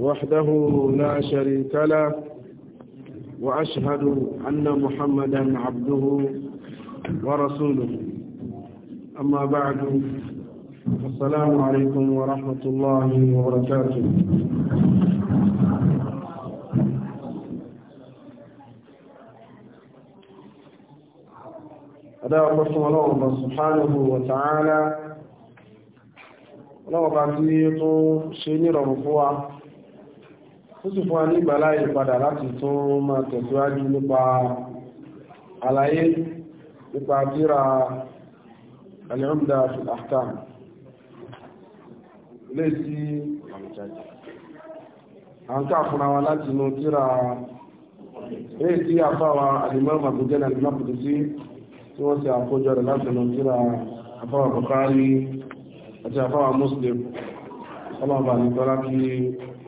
وحده لا شريك له وأشهد أن محمدا عبده ورسوله أما بعد السلام عليكم ورحمة الله وبركاته أداء pẹ́fún ọlọ́wọ̀n bá subhanahu wa ta'ala ọlọ́wọ̀n ó sì fún wa ní ìgbàláyè padà láti tún máa tẹ̀síwájú nípa àlàyé nípa tírà al-Umda fi al lè sí àǹkà fúnra wa láti inú tírà lè sí àfáwa al-Imam Abu Jana al-Maqdisi tí wọ́n sì àkójọ rẹ̀ láti inú tírà àfáwa Bukhari àti àfáwa Muslim ọlọ́ọ̀bà nìkọ́lá kí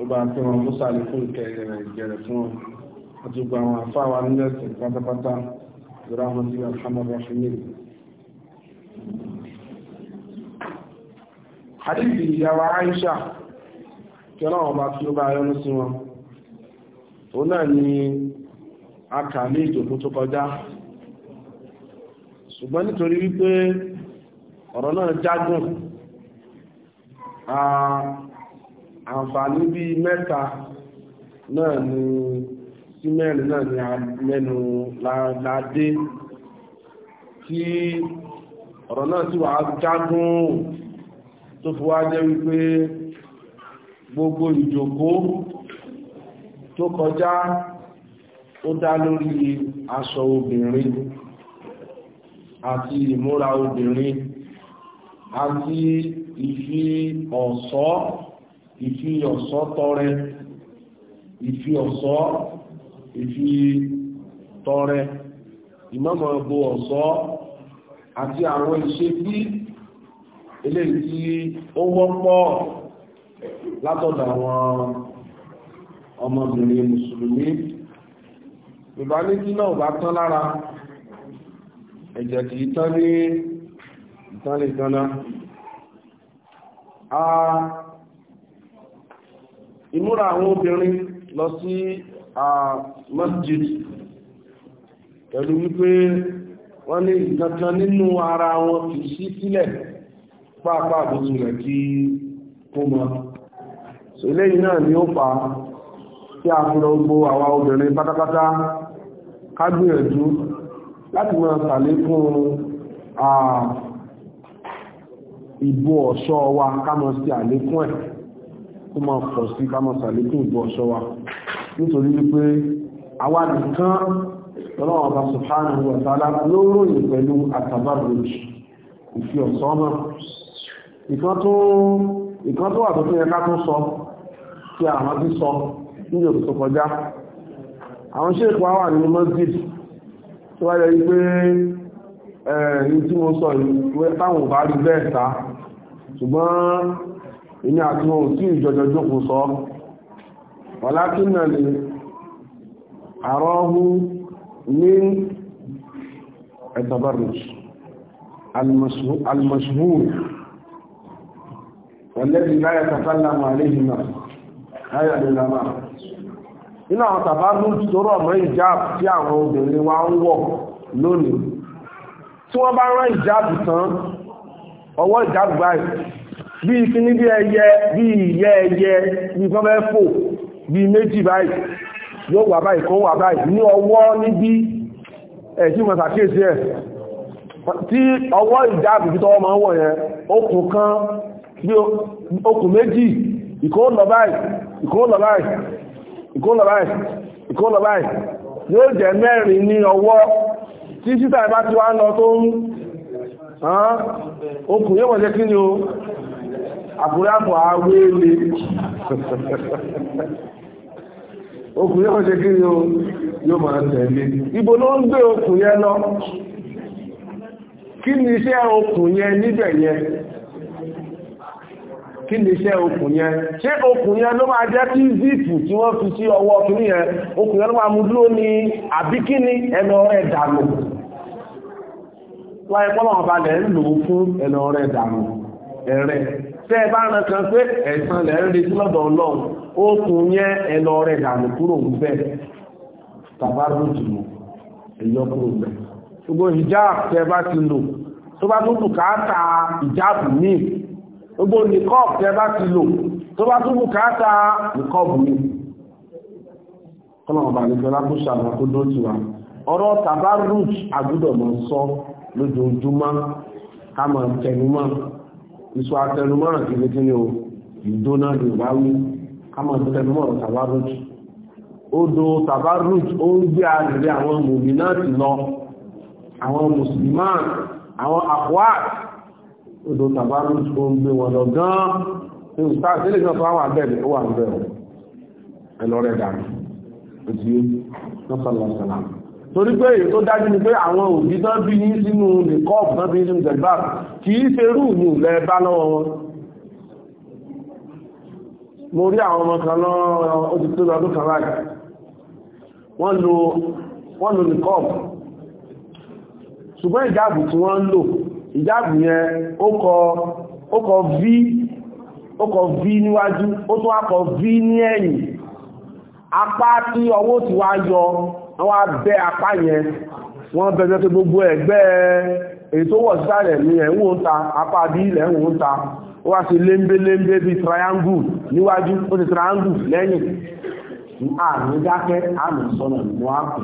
ó bá fi wọn mú sàlẹ̀ fún ìkẹrẹ ìjẹrẹ fún wọn àti àwọn àfáwà nílẹ̀sẹ̀ pátápátá dịka àwọn tí wọn hàmà bá fi nílẹ̀. ìyàwó Aisha kí ọlọ́wọ́n bá ó bá yọ́nú sí wọn. náà ni a kà ní ìjòkó tó kọjá. àǹfààní bíi mẹ́ta náà ni sí mẹ́rin náà ni a mẹ́nu ládé tí ọ̀rọ̀ náà sì wà jágún tó fi wá jẹ́ wípé gbogbo ìjòkó tó kọjá ó dá lórí aṣọ obìnrin àti ìmúra obìnrin àti ìfi ọ̀ṣọ́ ìfi ọ̀ṣọ́ tọrẹ ìfi ọ̀ṣọ́ ìfi tọrẹ ìmọ́mọ̀ bo ọ̀ṣọ́ àti àwọn ìṣe bí eléyìí tí ó wọ́pọ̀ látọ̀dọ̀ àwọn ọmọbìnrin mùsùlùmí ìbá ní kí náà bá tán lára ẹ̀jẹ̀ kìí tán ní ìtánlẹ̀ ìtánlá ìmúra àwọn obìnrin lọ sí masjid pẹ̀lú wípé wọ́n ní ìkankan nínú ara wọn kì sí sílẹ̀ pàápàá àbútù rẹ̀ kí kó mọ́ so lẹ́yìn náà ni ó fa tí a fi lọ gbó obìnrin pátápátá ká gbìyànjú láti máa ṣàlékún ìbò ọ̀ṣọ́ wa ká máa sí àlékún ẹ̀ kó máa pọ̀ sí ká máa sàlékún ìbò ọ̀ṣọ́ wa nítorí wípé àwa nìkan lọ́wọ́ ọba subhanahu wa ta'ala ló ròyìn pẹ̀lú àtàbàbòjì ìfi ọ̀ṣọ́ náà ìkan tó wà tó tó yẹ ká tó sọ tí àwọn ti sọ níbi òtútù kọjá àwọn ṣe ìpá wà nínú masjid tó wáyé wípé ẹ̀yìn tí mo sọ ìwé táwọn bá rí bẹ́ẹ̀ ṣùgbọ́n ìní àti ohun tí ìjọjọ jókù sọ wàlákínà lè àrọ́hú ní ẹ̀tàbárùs almashhur wàlẹ́bí láyé tàfàlà màálẹ́hìnà láyé àdìlámà iná àwọn tàbárùs tó rọ̀ mọ́ ìjáàbù tí àwọn obìnrin wa ń wọ̀ lónìí tí wọ́n bá rán ìjáàbù tán ọwọ́ ìjáàbù báyìí bí fi bí ẹyẹ bí ìyẹ́ ẹyẹ bí kan fò bí méjì báyìí yóò wà báyìí kó wà báyìí ní ọwọ́ níbi ẹ̀sí mọ̀ sàkíyèsí ẹ̀ tí ọwọ́ ìjáàbù tọwọ́ máa ń wọ̀ yẹn okùn kan bí okùn méjì lọ yóò àkúrápọ̀ awéle okùn yóò ṣe kí yóò máa tẹ̀lé ibo ló ń gbé okùn yẹn lọ kí ni iṣẹ́ okùn yẹn níbẹ̀ yẹn kí ni iṣẹ́ okùn yẹn ṣé okùn yẹn ló máa jẹ́ kí zipu tí wọ́n fi sí ọwọ́ kìíní yẹn okùn yẹn ló máa mú dúró ní àbí kí ni ẹnu ọ̀rẹ́ dànù láyé pọ́nà ọ̀balẹ̀ ń lò fún ẹnu ọ̀rẹ́ dànù ẹ̀rẹ́ tẹ́ ẹ bá ran kan pé ẹ̀san lẹ̀ ń retí lọ́dọ̀ ọlọ́run ó kun yẹn ẹ lọ rẹ̀ dànù kúrò ń bẹ̀ tàbá rújù mọ́ ẹ̀yọ́ kúrò bẹ̀ gbogbo ìjáàbù tẹ́ bá ti lò tó bá tún bùkátà ìjáàbù míì gbogbo nìkọ́ọ̀bù tẹ́ bá ti lò tó bá tún bùkátà nìkọ́ọ̀bù míì kọ́lọ̀ọ̀bà ní fẹ́lá kó ṣàwọn tó dó tiwa ọ̀rọ̀ tàbá rújù àgúdọ̀ mọ́ sọ lójoojúmọ́ ká mọ̀ tẹnumọ́ ìṣọ́ àtẹnumọ́ràn kí ní kí ní o ìdóná yorùbá wí kámọ̀ tẹnumọ́ràn tàbárùjì odò tàbárùjì ó ń gbé àrẹ̀rẹ̀ àwọn mùmínáàtì lọ àwọn mùsùlùmáà àwọn àkùwáàt odò tàbárùjì ó ń gbé wọn lọ gan-an ní ìsáà sílẹ̀ náà tó wà bẹ́ẹ̀ ó wà bẹ́ẹ̀ ẹ̀lọ́rẹ̀ dànù torí pé èyí tó dájú ni pé àwọn òbí tán bí yí sínú nìkọ́ọ̀bù tán bí yí sínú tẹ̀gbà kì í ṣe rú ìlú lẹ bá lọ́wọ́ wọn mo rí àwọn ọmọ kan lọ́rọ̀ ó ti tó lọ́dún kan láì wọ́n lo nìkọ́ọ̀bù ṣùgbọ́n ìjáàbù tí wọ́n ń lò ìjáàbù yẹn ó kọ v ó kọ v níwájú ó tún akọ v ní ẹ̀yìn apá tí ọwọ́ ti wá yọ àwọn abẹ́ apá yẹn wọ́n bẹ̀rẹ̀ tó gbogbo ẹ̀gbẹ́ èyí tó wọ̀ sísàlẹ̀ ní ẹ̀wọ̀n ń ta apá bí ilẹ̀ ẹ̀wọ̀n ń ta ó wá sí léńbéléńbé bíi triangle níwájú ó ti triangle lẹ́yìn àmì dákẹ́ àmì sọ̀nà mú àpè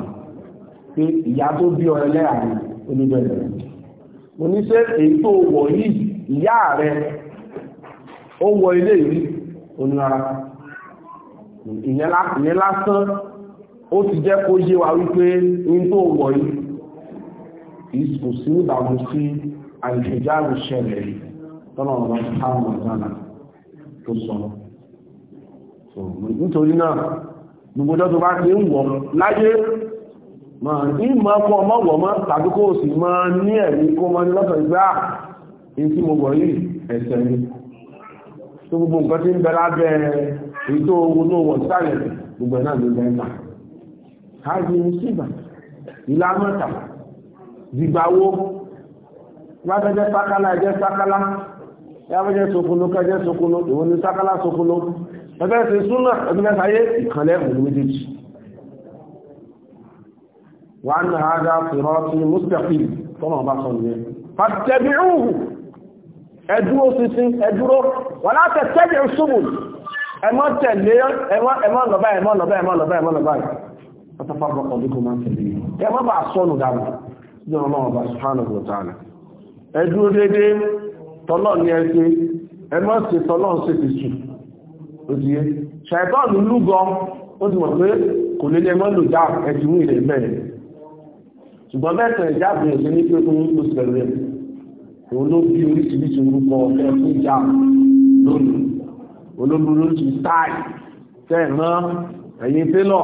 pé ìyá tó bí ọ̀rẹ́ lẹ́yàwó oníbẹ̀rẹ̀ mo ní ṣe èyí wọ̀ yìí ìyá rẹ̀ ó wọ ilé yìí onírara ìyẹn lásán ó ti jẹ́ kó yé wa wípé ní tó wọ̀ yìí kò sí ìbàmù sí àìṣèjáàrù ṣẹlẹ̀ tọ́nà ọ̀rọ̀ táwọn ọ̀dánà tó sọ nítorí náà gbogbo ọjọ́ tó bá ti ń wọ̀ láyé ma ní ma kọ́ ọmọ wọ̀ mọ́ tàbí kó sì ma ní ẹ̀rí kó ma ní lọ́sọ̀ ìgbà èyí tí mo wọ̀ yìí ẹ̀sẹ̀ ni tó gbogbo nǹkan tí ń bẹ lábẹ́ èyí tó owó tó wọ̀ sálẹ̀ gbogbo ẹ̀ náà ló bẹ́ẹ̀ náà hàbí sígbà ìlàmọ́ta gbígbàwó wájẹ́jẹ́ sákálá ẹjẹ́ sákálá yábẹ́jẹ́ sokolo kẹjẹ́ sokolo ìwọ ni sákálá sokolo ẹgbẹ́ ti súnà ẹgbẹ́ sáyé ìkànlẹ̀ òun méjèèjì wà ní àádá fìrọ́tí mustaqim tọ́nà ọba sọ nìyẹn fattabi'uhu ẹdúró sísín ẹdúró wà látẹ̀ tẹ́bìrì súnmù ẹmọ́ tẹ̀lé ẹmọ́ lọ́bá ẹmọ́ lọ́bá ẹmọ́ lọ́bá ẹmọ́ lọ́bá وتفرق بكم عن سبيله يا ما بعصون دعنا سيدنا الله سبحانه وتعالى ẹdúró dédé tọ́lọ́ ní ẹgbẹ́ ẹmọ́ sí tọ́lọ́ sí ti sùn òdíyé ṣàìtọ́ọ̀nù lúgọ ó ti mọ̀ pé kò lè lẹ́mọ́ lò já ẹ̀tìmú ilẹ̀ bẹ̀rẹ̀ ṣùgbọ́n mẹ́sàn ìjáàbò ẹ̀sẹ̀ ní pé fún oṣù rẹ̀ òun ló bí oríṣiríṣi orúkọ ẹkún já lónìí olóbìnrin oríṣiríṣi táì tẹ̀ ẹ̀rán ẹ̀yìn télọ̀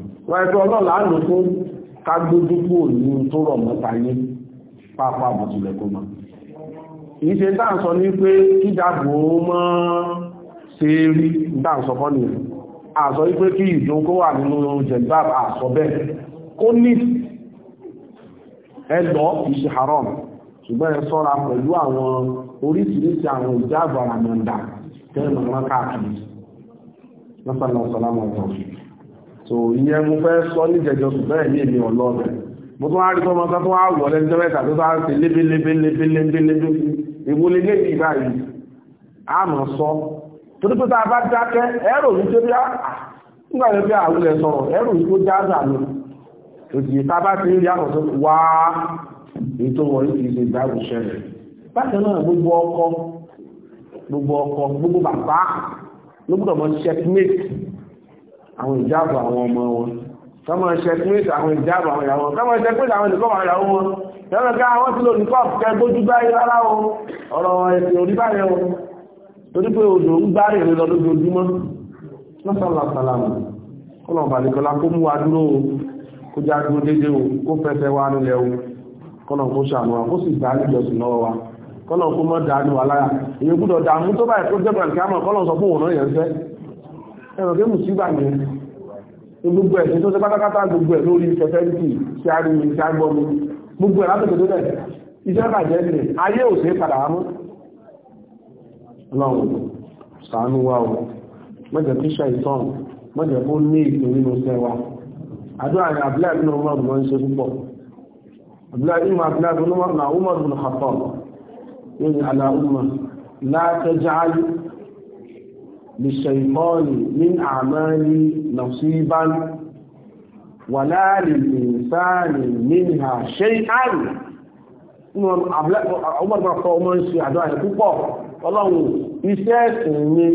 wọ́n ẹ̀fẹ́ ọlọ́lá lò fún ká gbójú kúrò ní tó rọ̀ mọ́ta yé pápá àbùtùlẹ̀ kó mọ́ se ní pé kíjàgbò mọ́ ṣe rí dáà sọ fọ́ wípé kí ìjọ wà nínú jẹ̀gbáb àsọ bẹ́ẹ̀ awọn ní ẹlọ́ ìṣẹ́ so ìyẹn mo fẹ́ sọ ní ìjẹjọ ṣùgbọ́n ẹ̀mí èmi ọlọ́ọ̀bẹ̀ mo tún wá rí fọmọ kan tó wá wọ̀ lẹ́nu tó mẹ́ta tó bá ń ṣe lébélébélébélébélébé ìwọlé ní èyí báyìí a mọ̀ sọ torí pé tá a bá dákẹ́ ẹ̀rọ mi tó bí nígbà tó bí àwùlẹ̀ sọ̀rọ̀ ẹ̀rọ mi tó dáadáa mi òjì tá a bá ti rí àwọn tó wá ètò wọ̀nyí kì í ṣe ìdáhùn ṣẹlẹ̀ bákan náà gbogbo ọkọ gbogbo ọkọ gbogbo bàbá ló gbọ́dọ̀ mọ àwọn ìjáàbò àwọn ọmọ wọn kọmọ ṣẹpẹ́tì àwọn ìjáàbò àwọn ìyàwó kọmọ ṣẹpẹ́tì àwọn ìdíkọ́ àwọn ìyàwó wọn lọ́nà ká wọ́n ti lò ní kọ́ọ̀pù kẹ gbójú báyìí rárá o ọ̀rọ̀ ẹ̀sìn orí báyẹ̀ o torí pé odò ń gbárì rẹ lọ lójoojúmọ́ lọ́sàlàsàlàmù kọ́nà balẹ̀kọ́lá kó mú wa dúró o kó já dúró dédé o kó fẹsẹ̀ wa nílẹ̀ o kọ́nà kó ṣàánú wa kó sì gbá níjọsìn lọ́wọ́ wa kọ́nà kó mọ́ dàánú wa lára èyí gbúdọ̀ dààmú tó báyìí kó jẹ́ ẹ̀rọ pé mùsùlùmí ní gbogbo ẹ̀ tó ṣe pátákátá gbogbo ẹ̀ lórí sẹfẹ́ntì sí ariwo sí agbọmi gbogbo ẹ̀ látọ̀tọ̀ tó tẹ̀ iṣẹ́ bàjẹ́ ní ayé ò sí padà wá mú ọlọ́run ṣàánú wa o mọ́jẹ̀ tí ṣe ìtọ́n mọ́jẹ̀ kó ní ìpín nínú sẹ́ wa àdúrà ní abúláì nínú lìṣẹ̀ìkọ́ọ̀lì ní àmàlì nọ̀síbán wà láàrin ìsáàlì ní àṣẹ àrùn nínú àbúgbàgbàkọ́ ọmọ ìṣẹ́ àjọ àyẹ̀ púpọ̀ ọlọ́run iṣẹ́ ẹ̀sìn ni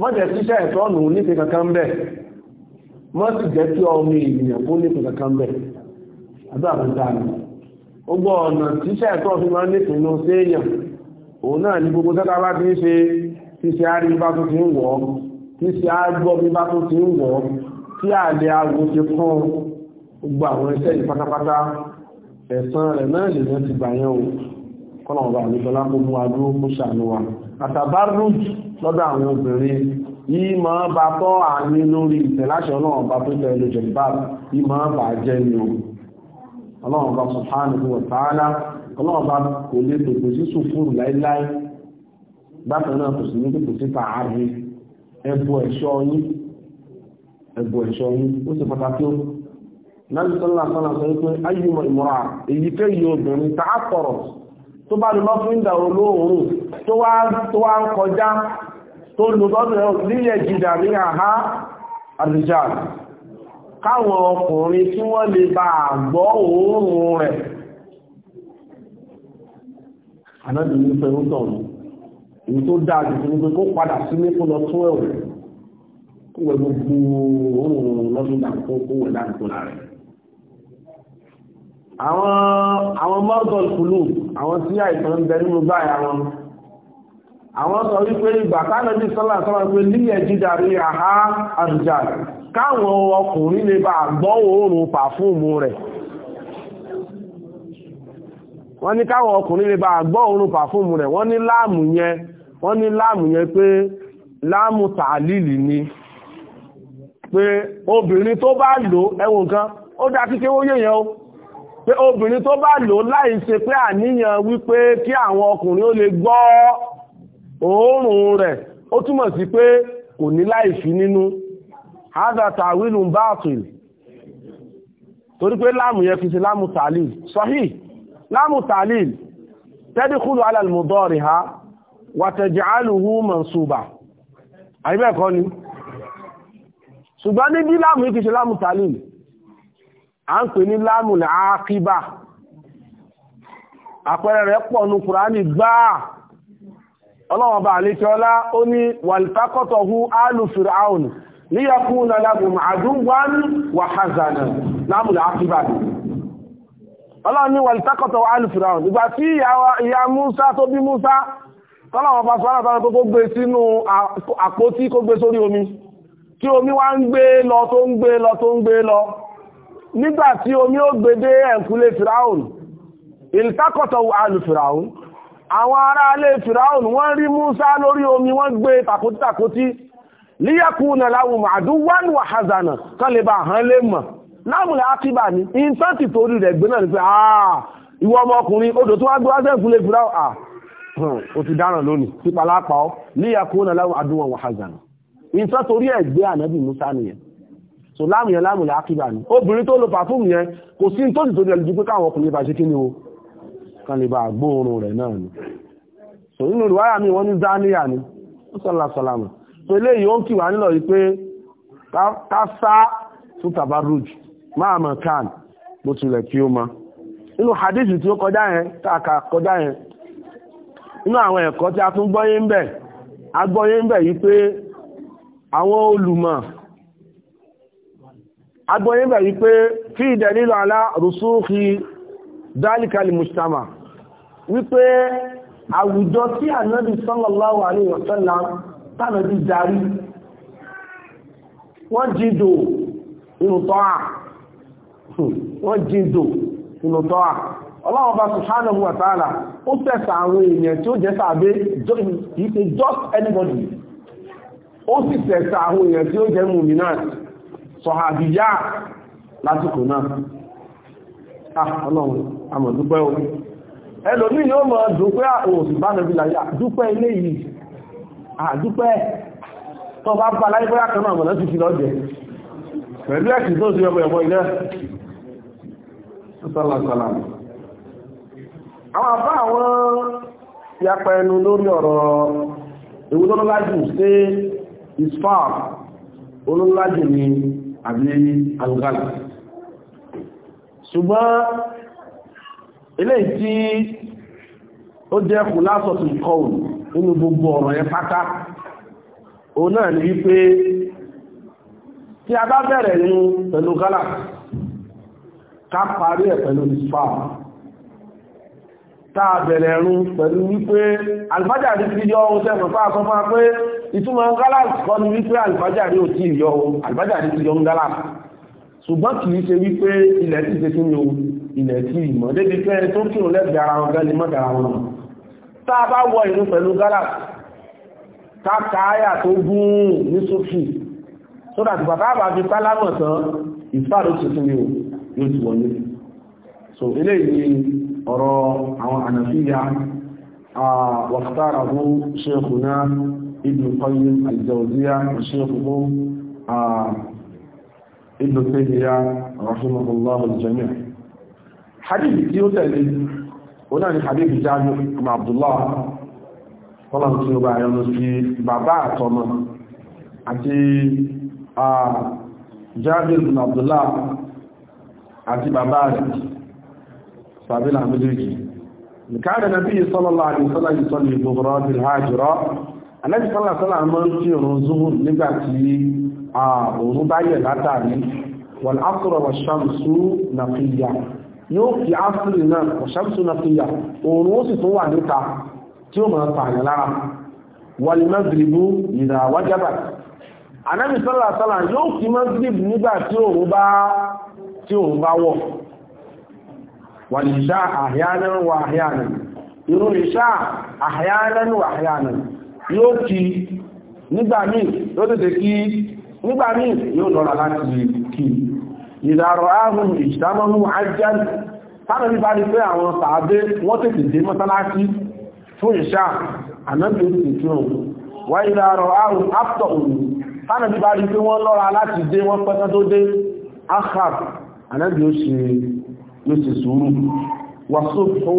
wọ́n jẹ́ síṣẹ́ ẹ̀tọ́nù nípe kankan bẹ̀ wọ́n sì jẹ́ kí ọmọ ènìyàn kó nípe kankan bẹ̀ àbí àbúdá ni gbogbo ọ̀nà tíṣẹ́ ẹ̀tọ́ fi máa nípe inú séèyàn òun náà ni gbogbo sẹ́ta bá ti ń ṣe tí ṣe á rí bá tó ti ń wọ̀ ọ́ tí ṣe á gbọ́ bí bá tó ti ń wọ̀ ọ́ tí àlẹ́ aago ti kún gbogbo àwọn iṣẹ́ yìí pátápátá ẹ̀san rẹ̀ náà lè yẹn ti gbà yẹn o kọ́nà ọba àlejòlá kó mú adúró kó ṣàánú wa àtàbárùj lọ́dọ̀ àwọn obìnrin yìí máa bá tọ́ àní lórí ìtẹ̀láṣẹ ọlọ́run ọba tó tẹ̀ lójọ ìbáàbù yìí máa bà jẹ́ ni o ọlọ́run ọba subhanahu wa ta'ala ọlọ́run ọba kò lè tòkò sí sùfúrù láíláí bákan náà kò sí ní kò sí fàárí ẹbù ẹ̀ṣọ́ yín ẹbù ẹ̀ṣọ́ yín ó sì pàtàkì ó náà sọ́lá sọ́lá sọ wípé ayùmọ̀ ìmọ̀ra èyí fẹ́ yí obìnrin tá a kọ̀rọ̀ tó bá lọ fún ìdà olóòórùn tó wá ń kọjá tó lò lọ́dọ̀ níyẹ̀ jìdà ní àhá àdìjà káwọn ọkùnrin tí wọ́n lè bá àgbọ́ òórùn rẹ̀ anábìnrin fẹ́ ń tọ̀run èyí tó dáa jù fún pé kó padà sílé kó lọ tún ẹ̀wọ̀ kó wẹ gbogbo òun lọ́dún dà kó kó wẹ láti tó lára rẹ̀. àwọn àwọn mọ́tòl kùlù àwọn tí àìsàn ń bẹ nínú báyà wọn àwọn sọ wípé ìgbà kánàbí sọ́là sọ́là pé líyẹ̀ jídarí àhá àrùjà káwọn ọkùnrin lè bá gbọ́ òórùn pàfúùmù rẹ̀ wọ́n ní káwọn ọkùnrin lè bá gbọ́ òórùn pàfúùmù rẹ̀ wọ́n ní láàmù yẹn wọ́n ní láàmù yẹn pé láàmù tààlìlì ni pé obìnrin tó bá lò ẹwọ nǹkan ó dá kíké ó yẹ̀yẹ̀ o pé obìnrin tó bá lò láì ṣe pé àníyàn wípé kí àwọn ọkùnrin ó lè gbọ́ òórùn rẹ̀ ó túmọ̀ sí pé kò ní láìfí nínú hadha ta'wilun batil torí pé láàmù yẹn fi ṣe láàmù tààlìl sahih láàmù tààlìl tadkhulu ala al-mudariha wàtẹ̀jàálùhù mọ̀sùbà àìbẹ́ẹ̀kọ́ ni ṣùgbọ́n ní bí láàmù ìkìṣe láàmù tàlílì a ń pè ní láàmù àákíbà àpẹẹrẹ rẹ̀ pọ̀ ní kùránì gbáà ọlọ́wọ̀n bá àlékiọlá ó ní wàlìtákọ́tọ̀hù alùfìrà áùnù liyakuna lahum aduwan ìgbà tí ìyá Musa tó bí Musa tọ́lọ́wọ́ bá sọ́rọ̀ tọ́rọ tó kó gbé sínú àpótí kó gbé sórí omi tí omi wá ń gbé lọ tó ń gbé lọ tó ń gbé lọ nígbà tí omi ó gbé dé ẹ̀kúlé firaun ìlítàkọ̀tọ̀ alù firaun àwọn ará alé firaun wọ́n rí Musa lórí omi wọ́n gbé tàkótí tàkótí líyàkúnà láwùn àdúwọ́n wà hazana kan lè bá hàn lè mọ̀ odò tó wá gbé wá sẹ́kúlé firaun o hmm, ti dáràn lónìí pípa lápá ọ́ líyàkó náà láwọn adúnwọ̀n wàhazànà ìtọ́ torí ẹ̀ gbé ànábì Musa nìyẹn so láàmù yẹn láàmù làákìbà ni obìnrin tó lo pàfúùmù yẹn kò sí tó dìtò rẹ̀ ju pé káwọn ọkùnrin bá ṣe kí ni o kan lè bá gbóòórùn rẹ̀ náà ni so nínú ìwáyà mi wọ́n ní zaniya ni ó sọ̀lá sọ̀lámù so eléyìí ó ń kì wá nílò yìí pé ká sá fún tabaruj máa mọ̀ kan bó tilẹ̀ kí ó mọ nínú hadith tí inú àwọn ẹ̀kọ́ tí a tún gbọ́yé ń bẹ̀ a gbọ́yé ń bẹ̀ yí pé àwọn olùmọ̀ a gbọ́yé ń bẹ̀ yí pé fi ìdẹ̀lílọ alá rùsúkì dáríkàlì mustama wípé àwùjọ tí ànábì sallallahu ọlọ́run bá subhanahu wa ta'ala ó tẹ̀sà àwọn èèyàn tí ó jẹ́ sàbẹ́ kìí ṣe just anybody ó sì tẹ̀sà àwọn èèyàn tí ó jẹ́ mùmínà sọ̀hàbíyà lásìkò náà ah ọlọ́run amọ̀dúpẹ́ o ẹlòmí ni ó mọ̀ dúpẹ́ òsì ah, bá nàbí láyé ah, dúpẹ́ ilé yìí àdúpẹ́ ah, tó bá bá láyé bóyá kan náà mọ̀ lọ́sì àwọn àbá àwọn yapa ẹnu lórí ọ̀rọ̀ ewu tó lọ́lájù sí isfar olólájù ni àbí algal ṣùgbọ́n eléyìí tí ó jẹ́ kù lásọ̀tù kọlù nínú gbogbo ọ̀rọ̀ yẹn pátá òun náà ni wípé tí a bá bẹ̀rẹ̀ ní pẹ̀lú gálà ká parí ẹ̀ pẹ̀lú isfar táà bẹ̀rẹ̀ ẹ̀rùn pẹ̀lú wípé alfájàrí ti yọ ohun tẹ́fẹ̀ fáà sọ fún pé ìtumọ̀ gálàsì kọ́ ni wípé alfájàrí ò tí yọ ohun alfájàrí ti yọ ohun gálàsì ṣùgbọ́n kìí ṣe wípé ilẹ̀ tí ṣe kíni ohun ilẹ̀ tí ìmọ̀ so eléyìí ọ̀rọ̀ àwọn ànàfíyà wàkátàràhù ṣéèkùnà ibn Qayyim al-Jawziyya ṣéèkùnà ibn Taymiyya rahimahullahu al-jami' hadith tí ó tẹ̀lé ó náà ni hadith Jabir ibn Abdullah fọ́lọ̀n tí ó bá yọ́nú sí bàbá àti bàbá rẹ̀ tàbílà méjèèjì nìkáàdà nàbí sallallahu alaihi wasallam ìsọ́lá ìgbòhùrọ̀ bí hajjọ́ alẹ́bí sallallahu alaihi wasallam máa ń kí òrùn zuhur nígbà tí òrùn bá yẹ̀ látàrí wal asr wa shamsu naqiya yóò fi asr náà wa shamsu naqiya òrùn ó sì tún wà níta tí ó máa pààyàn lára yóò fi maghrib nígbà tí òrùn bá wọ̀ wàlìṣà àhíyánan wà àhíyánan irú ìṣà àhíyánan wà àhíyánan yóò kí nígbà míì yóò tètè kí nígbà míì yóò lọ́ra láti kí ìdàrọ̀ ahùn ìṣàmọ́mú aján tánà bí bá rí pé àwọn sàábé wọ́n tètè dé mọ́sálásí fún ìṣà ànábì wà ìdàrọ̀ ahùn yóò ṣe sùúrù wàsófò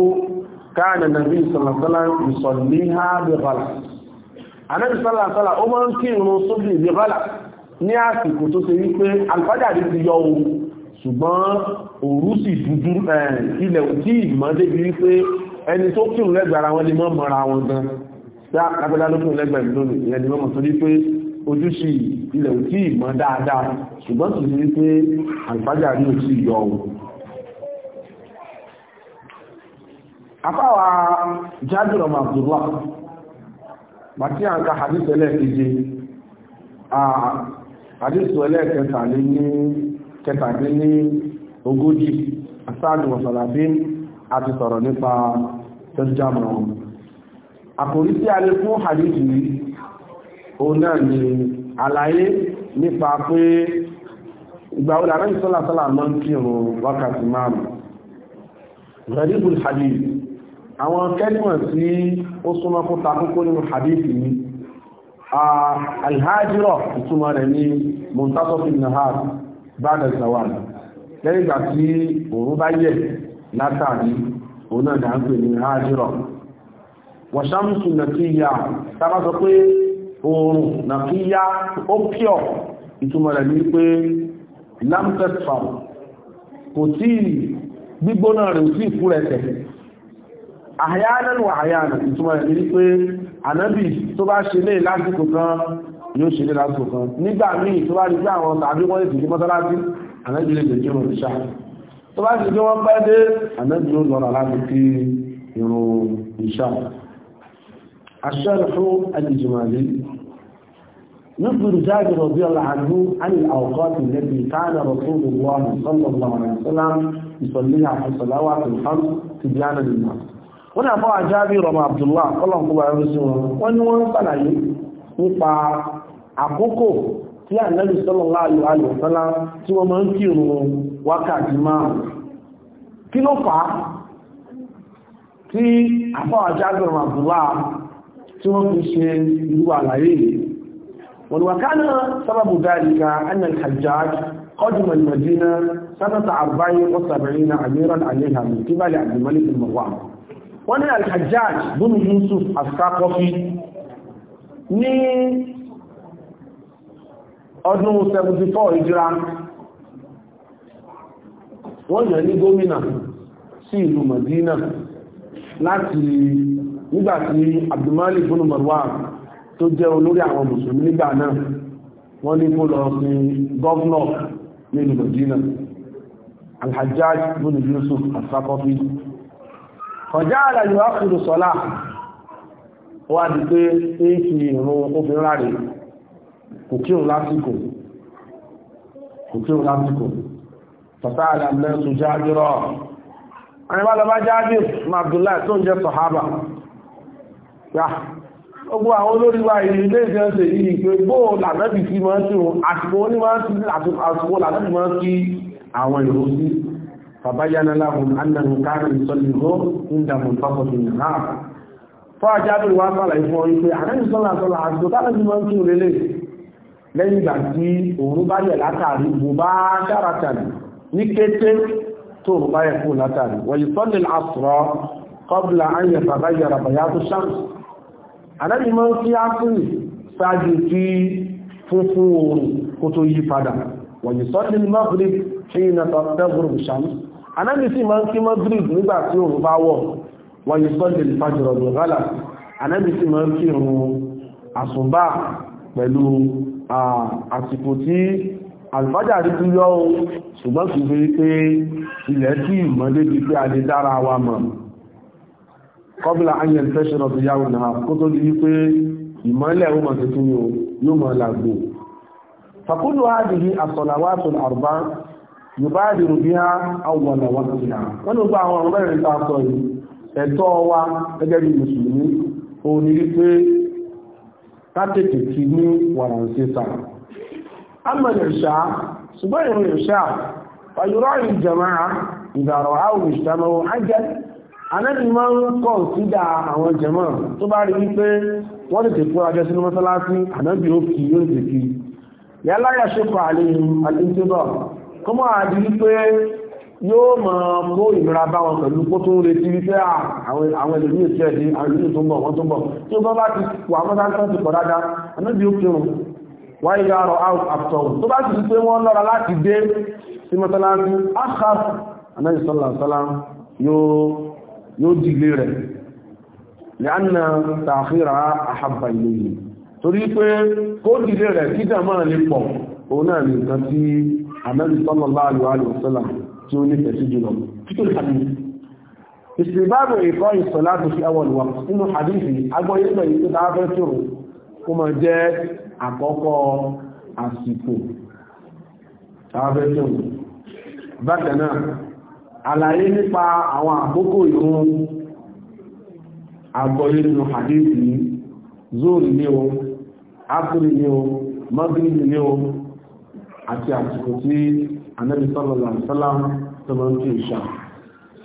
káàna nàbí sàlàsàlà ìsọ̀lẹ̀ ha bí bala anábi sàlàsàlà ó máa ń kí irun sóbì bí bala ní àsìkò tó ṣe wípé alifájà rí ti yọ ohun ṣùgbọ́n òru sì dúdú ilẹ̀ òkí ìmọ̀ débi wípé ẹni tó kírun lẹ́gbẹ̀ẹ́ wọn ni mọ́ mọ́ra wọn gan tí agbẹ́dá ló kírun pé ojúṣì ní wípé alifájà ohun afáwà jáde ọmọ abdullah bàtí à ń ka hadith ẹlẹ́ẹ̀keje hadith ẹlẹ́ẹ̀kẹta lé ní kẹtàdé ní ogójì asáàdì wọ̀sàlàbí àti sọ̀rọ̀ nípa tẹ́jàmọ̀ àkòrí tí a lè fún hadith yìí òun náà ni àlàyé nípa pé ìgbà wo làrẹ́ ìsọ́làsọ́là máa ń kírun wákàtí márùn-ún hadith àwọn kẹ́gbọ̀n tí ó súnmọ́ kó takókó nínú hadithi ni alhajirọ̀ ìtumọ̀ rẹ̀ ní muntasofin nahar bada zawal lẹ́yìn ìgbà tí òun bá yẹ̀ látàrí òun náà dà ń pè ní hajirọ̀ wọ̀ṣámsù nàkíyà tàbá sọ pé oòrùn nàkíyà ó píọ̀ ìtumọ̀ rẹ̀ ní pé lamtesfam kò tí gbígbóná rẹ̀ sí ìfúrẹ̀tẹ̀ àyánán wà àyánà ìtumọ̀ rẹ̀ ní pé ànábì tó bá ṣe lé lásìkò kan yóò ṣe lé lásìkò kan nígbà míì tó bá rí pé àwọn tàbí wọ́n lè tìjú mọ́sálásí ànábì lè tẹ̀jú ìrùn ìṣá tó bá sì pé wọ́n pẹ́ dé ànábì ó lọ́ra láti kí ìrùn ìṣá aṣọ́rùfú alìjùmọ̀lẹ́ نقبل جابر رضي الله عنه عن الأوقات التي كان رسول الله صلى الله عليه وسلم يصليها في الصلوات الخمس تبيانا للناس wọ́n náà fọ́wà jábí rọmọ Abdullah ọlọ́nkúwà ẹrùsí wọn wọ́n ní wọ́n ń sàlàyé nípa àkókò tí ànẹ́lù sọ́lọ́lá ayò sọ́lá tí wọ́n máa ń kírun wákàtí márùn kí ló fà á tí àfọ́wà jábí rọmọ Abdullah tí wọ́n fi ṣe irú àlàyé wọ́n wà ká náà قدم المدينة سنة 44 أميرا عليها من قبل عبد الملك المروان wọ́n ní alhajjaj búnú yusuf asakọ́fí ní ọdún 74 ìjírá wọ́n yàn ní gómìnà sí ìlú madina láti nígbàtí abdulmalik búnú marwan tó jẹ́ olórí àwọn mùsùlùmí nígbà náà wọ́n ní kó lọ sí gọ́vnọ̀ nílùú madina alhajjaj búnú yusuf asakọ́fí ọjá àrà yóò ápùrù sọ́lá wà di pé éèkì ìrún obìnrin rárẹ̀ kò kírun lásìkò kò kírun lásìkò tọ́tà àlàmẹ́sù jágírọ̀ àyíbálọ́bá jágír ma Abdullahi tó ń jẹ́ sọ̀hábà yá ogbó àwọn olórí wa ilé ìjọsẹ̀ yìí pé bó lànàbì sí máa ń kírun àsìkò onímọ̀ àsìkò lànàbì máa ń kí àwọn ìròsí فبين لهم أنه كان يصلي الظهر عند منتصف النهار فأجاب الواقع لإخواني pé àrẹ́yìn sọ́lá sọ́lá àṣìkò tààrà ní wọ́n kí òrèlè lẹ́yìn ìgbà tí òun bá yẹ̀ látàrí bò bá ṣáratàrí ní kété tó òun bá yẹ̀ fún látàrí wọ́n yìí sọ́lẹ̀ àṣùrọ̀ kọ́bùlà anábì sì máa ń kí madrid nígbà tí òun bá wọ̀ wọ́n yìí sọ́lẹ̀ ìfàjọ̀rọ̀ ní ọ̀gálà anábì sì máa ń kí òun àsùnbà pẹ̀lú àsìkò tí alfájà rí tí yọ́ ṣùgbọ́n kì í fi pé ilẹ̀ tí ìmọ̀lé ti pé adé dára wa mọ̀ kọ́bílà onion fashion of the yahoo náà kó tó di wípé ìmọ̀lẹ̀ ó mọ̀ yóò mọ̀ làgbò fàkúndù áàdìrí àsọ̀làwà àtùn yùbáàdìrù bí á àwọ̀nà wọn ti nà wọ́n nígbà àwọn ọmọ mẹ́rin ta sọ yìí ẹ̀tọ́ wa gẹ́gẹ́ bí mùsùlùmí òun ni wípé látètè ti ní wàràǹsí sà àmọ̀lẹ̀ ìṣá ṣùgbọ́n ìrìn ìṣá fàyọrọ̀ ìjọba ìdàrọ̀ àwọn ìṣàmọ̀ ajẹ́ anẹ́bí máa ń kọ̀ sídà àwọn jẹ̀mọ́ tó bá rí wípé wọ́n lè tèkú ajẹ́ sínú mọ́sálásí anẹ́bí ó kì yóò tèkí yálà yà ṣe kọ̀ àlejò àti kọ́mọ́ àdí wípé yóò mọ̀ kó ìmìra bá wọn pẹ̀lú kó tún retí wípé àwọn ẹlòmí ètò ẹ̀dí àwọn ìlú tó ń bọ̀ wọ́n tó ń bọ̀ tí ó bá bá ti wà wọ́n sáńtọ́ ti pọ̀ dáadáa anábì ó kírun wáyé yàrá àtọ̀wù tó bá sì ti pé wọ́n lọ́ra láti dé sí mọ́tàláńtì áhà anábì sọ́lá sọ́lá yóò dìgbé rẹ̀ lẹ́nà ànábì sallallahu alaihi wasallam tí ó ní fẹ̀sí jùlọ títún hadith ìsìnbábò ìkọ́ ìsọ̀láàtò sí àwọn ìwà nínú hadith agbóyé pẹ̀lú tó dáa fẹ́ tòrò kó mọ̀ jẹ́ àkọ́kọ́ àsìkò dáa fẹ́ tòrò bákan náà àlàyé nípa àwọn àkókò ìrun agbóyé nínú àti àsìkò tí Ànábì sallallahu alaihi wasallam tó mọ́ ń kí ìṣà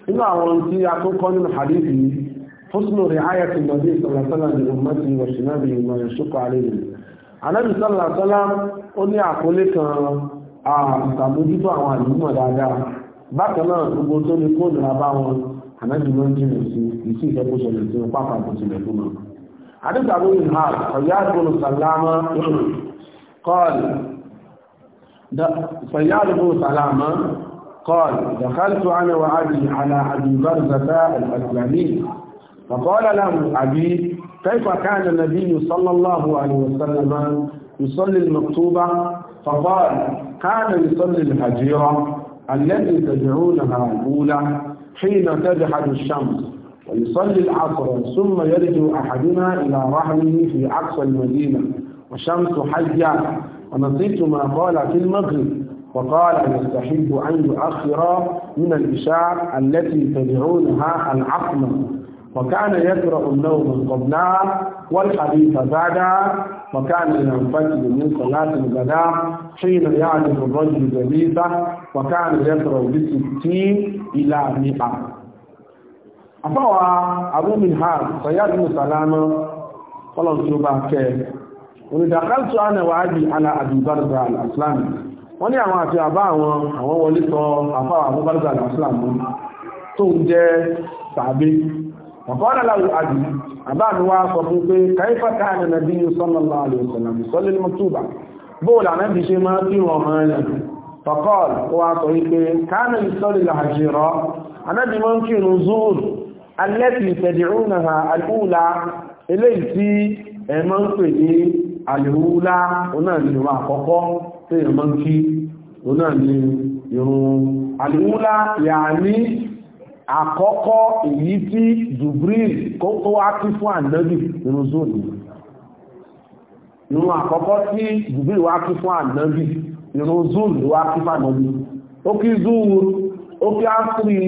nínú àwọn tí a tó kọ́ nínú hadithi husnu ri'ayati nabi sallallahu alaihi wasallam li ummati wa shinabi wa yashuqu alayhi Ànábì sallallahu alaihi wasallam ó ní àkọlé kan àtàmójútó àwọn àdúgbò dáadáa bákan náà gbogbo tó ní kó nira bá wọn قال سيعرف سلاما قال دخلت أنا وأبي على أبي برزة الأسلمي فقال له أبي كيف كان النبي صلى الله عليه وسلم يصلي المكتوبة فقال كان يصلي الهجيرة التي تدعونها الأولى حين تجحد الشمس ويصلي العصر ثم يرجو أحدنا إلى رحمه في أقصى المدينة وشمس حجه ونسيت ما قال في المغرب وقال يستحب أن يؤخر من العشاء التي تدعونها العقمة وكان يقرأ النوم قبلها والحديث بعدها وكان ينفتل من صلاة الغداء حين يعرف الرجل جليسه وكان يقرأ بستين إلى مئة أفوى أبو منهار سيد مسلامة قال الله onídàkàtù ànàwàájì àlà àbúbárdà al'aslam wọ́n ní àwọn àti àbá àwọn àwọn wọlé tọ àfáwà àbúbárdà al'aslam tó ń jẹ́ tàbí ọ̀pọ̀lọ́láwò àbí àbá mi wá sọ fún pé kaifa kana nabiyyu sallallahu alaihi wasallam yusalli al-maktuba bóòlù ànábì ṣe máa fi wọn máa yàn faqala ó wá sọ wípé kana yusalli al-hajira ànábì máa ń ń pè ní àlèwúlá ọ̀nà ni ìrun àkọ́kọ́ tí èèyàn máa ń kí ọ̀nà ni ìrun àlèwúlá yà ní àkọ́kọ́ èyí tí Jibril kókó á kí fún ànábì ìrun zoni ìrun àkọ́kọ́ tí Jibril wá kí fún ànábì ìrun zoni wá kí fún ànábì ó kí zuhur ó kí asiri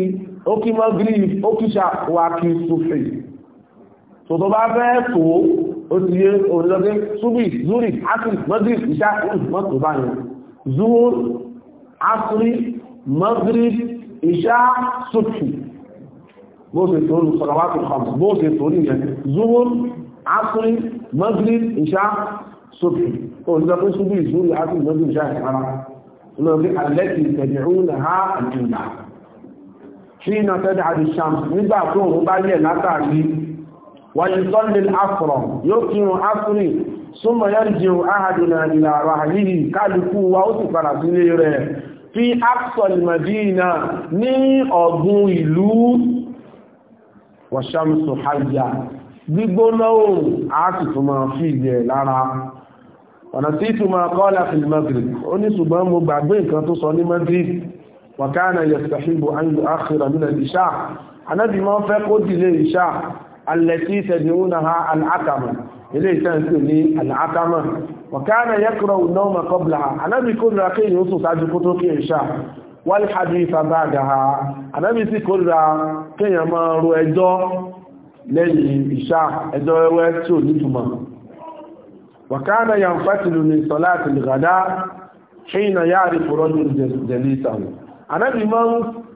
ó kí magrib ó kí ṣàkóhá kí sufi tòtò bá fẹ́ tó ó ti yé òǹlọ́gẹ́ ṣúbì zúrì asìrì mọ́gírì ìṣá mọ́tò bá yẹn zúr asìrì mọ́gírì ìṣá sùtù bó ṣe tó ní sọ̀rọ̀wátò kan bó ṣe tó ní yẹn zúr asìrì mọ́gírì ìṣá sùtù òǹlọ́gẹ́ ṣúbì zúrì asìrì mọ́gírì ìṣá ìṣára olóògbé alẹ́kì tẹ̀lẹ̀húnlẹ̀ ha àjùmọ̀ ويصلي العصر يقيم عصري ثم يرجع أحدنا إلى رحله كالكو وأسفر سنيره في أقصى المدينة ní ọ̀gbùn ìlú والشمس حية gbígbóná oòrùn àti tó máa fi ìyẹ̀ lára ọ̀nà tí tó ní ṣùgbọ́n mo gbàgbé nǹkan tó sọ ní maghrib wa kana التي تدعونها العقبة إليه تنسل لي العقبة وكان يقرأ النوم قبلها أنا بكل رقيق يوسف ساجي كتوكي إن شاء والحديث بعدها أنا بسي كل رقيق يما رويدو لي إشاء إدو رويدو لتما وكان ينفتل من صلاة الغداء حين يعرف رجل جليسه أنا بمن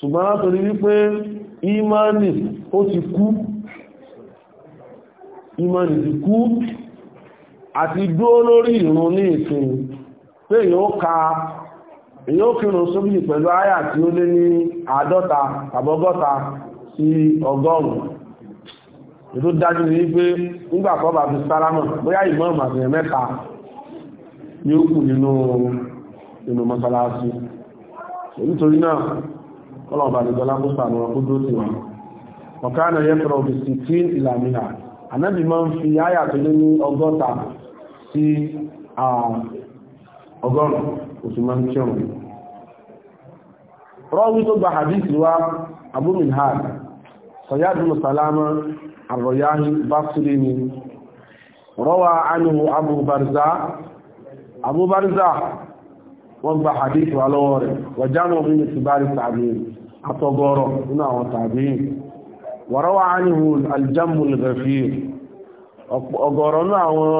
ṣùgbọ́n látorí wípé imani ó ti kú imani ti kú àti dúó lórí ìrun ní ìsìn pé yóò ka yóò kírun sóbì pẹ̀lú àyà tí ó lé ní àádọ́ta àbọ́gọ́ta sí ọgọ́rùn-ún ètò dájú ní wípé nígbàkọ́ bá fi sálámà bóyá ìmọ̀ àfihàn mẹ́ta ni ó kù nínú mọ́sálásí nítorí náà ọlọ́ọ̀bà ọba kó sàánú wọn kó dúró tì wọn ọ̀ká náà yẹ kọ̀rọ̀ bí sixteen ìlàmìnà ànábì máa ń fi àyà tó lé ní ọgọ́ta sí ọgọ́rùn máa ń kírun rọ́wí tó gba wa abu minhaj sayyad bin salama arroyahi basiri ni rọwa anuhu abu barza abu barza wọ́n gba hadithi wa lọ́wọ́ rẹ̀ àtọgọrọ nínú àwọn tàbí wàrọwà ánìhù aljamu al-ghafir ọgọrọ ní àwọn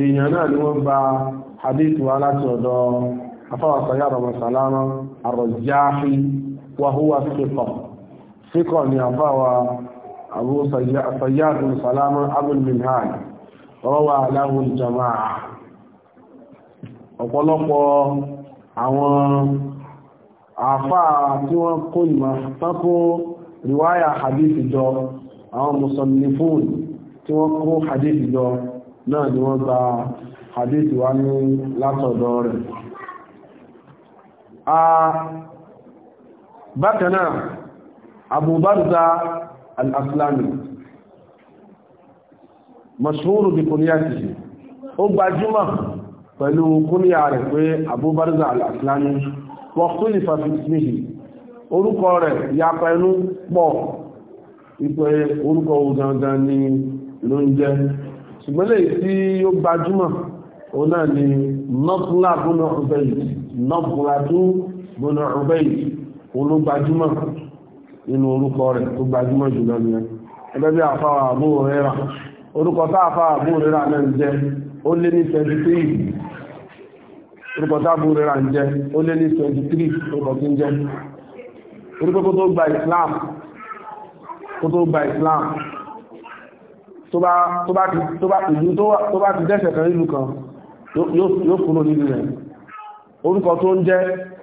èèyàn náà ni wọ́n gba hadith wa láti ọ̀dọ̀ afáwàsáyà ramasalama arọ̀jáfí wàhúwà síkọ̀ àwọn àfáà tí wọ́n kó ìmọ̀ tánkó riwaya hadithi jọ àwọn musannifun tí wọ́n kó hadithi jọ náà ni wọ́n gba hadithi wá ní látọ̀dọ̀ rẹ̀ bákanáà Abu Barza al-Aslami mashhuru bi kunyatihi ó gbajúmọ̀ pẹ̀lú kúníyà rẹ̀ pé Abu Barza al-Aslami wọ́kúlì fàfismihi orúkọ rẹ̀ yapa ẹnu pọ̀ ipẹ́ orúkọ ogangan ni ló ń jẹ́ ṣùgbọ́n lè tí ó gbajúmọ̀ o náà ni nọ́kúnlá búnà ọ̀bẹ̀yì nọ́kúnlá tún búnà ọ̀bẹ̀yì ológbajúmọ̀ nínú orúkọ rẹ̀ tó gbajúmọ̀ jùlọ ni ẹgbẹ́ bí àfáwà àbúrò rẹ̀ orúkọ tá àfáwà àbúrò rẹ̀ náà ń jẹ́ ó lé ní 33 orúkọ̀tàbù rẹ̀ ràn jẹ́ ó lé ní 23 orúkọ̀tí ń jẹ́ orúkọ tó gba Islam kó tó gba Islam tó bá ti dẹ́sẹ̀ kan nílùú kan yóò kúrò nílùú rẹ̀ orúkọ tó ń jẹ́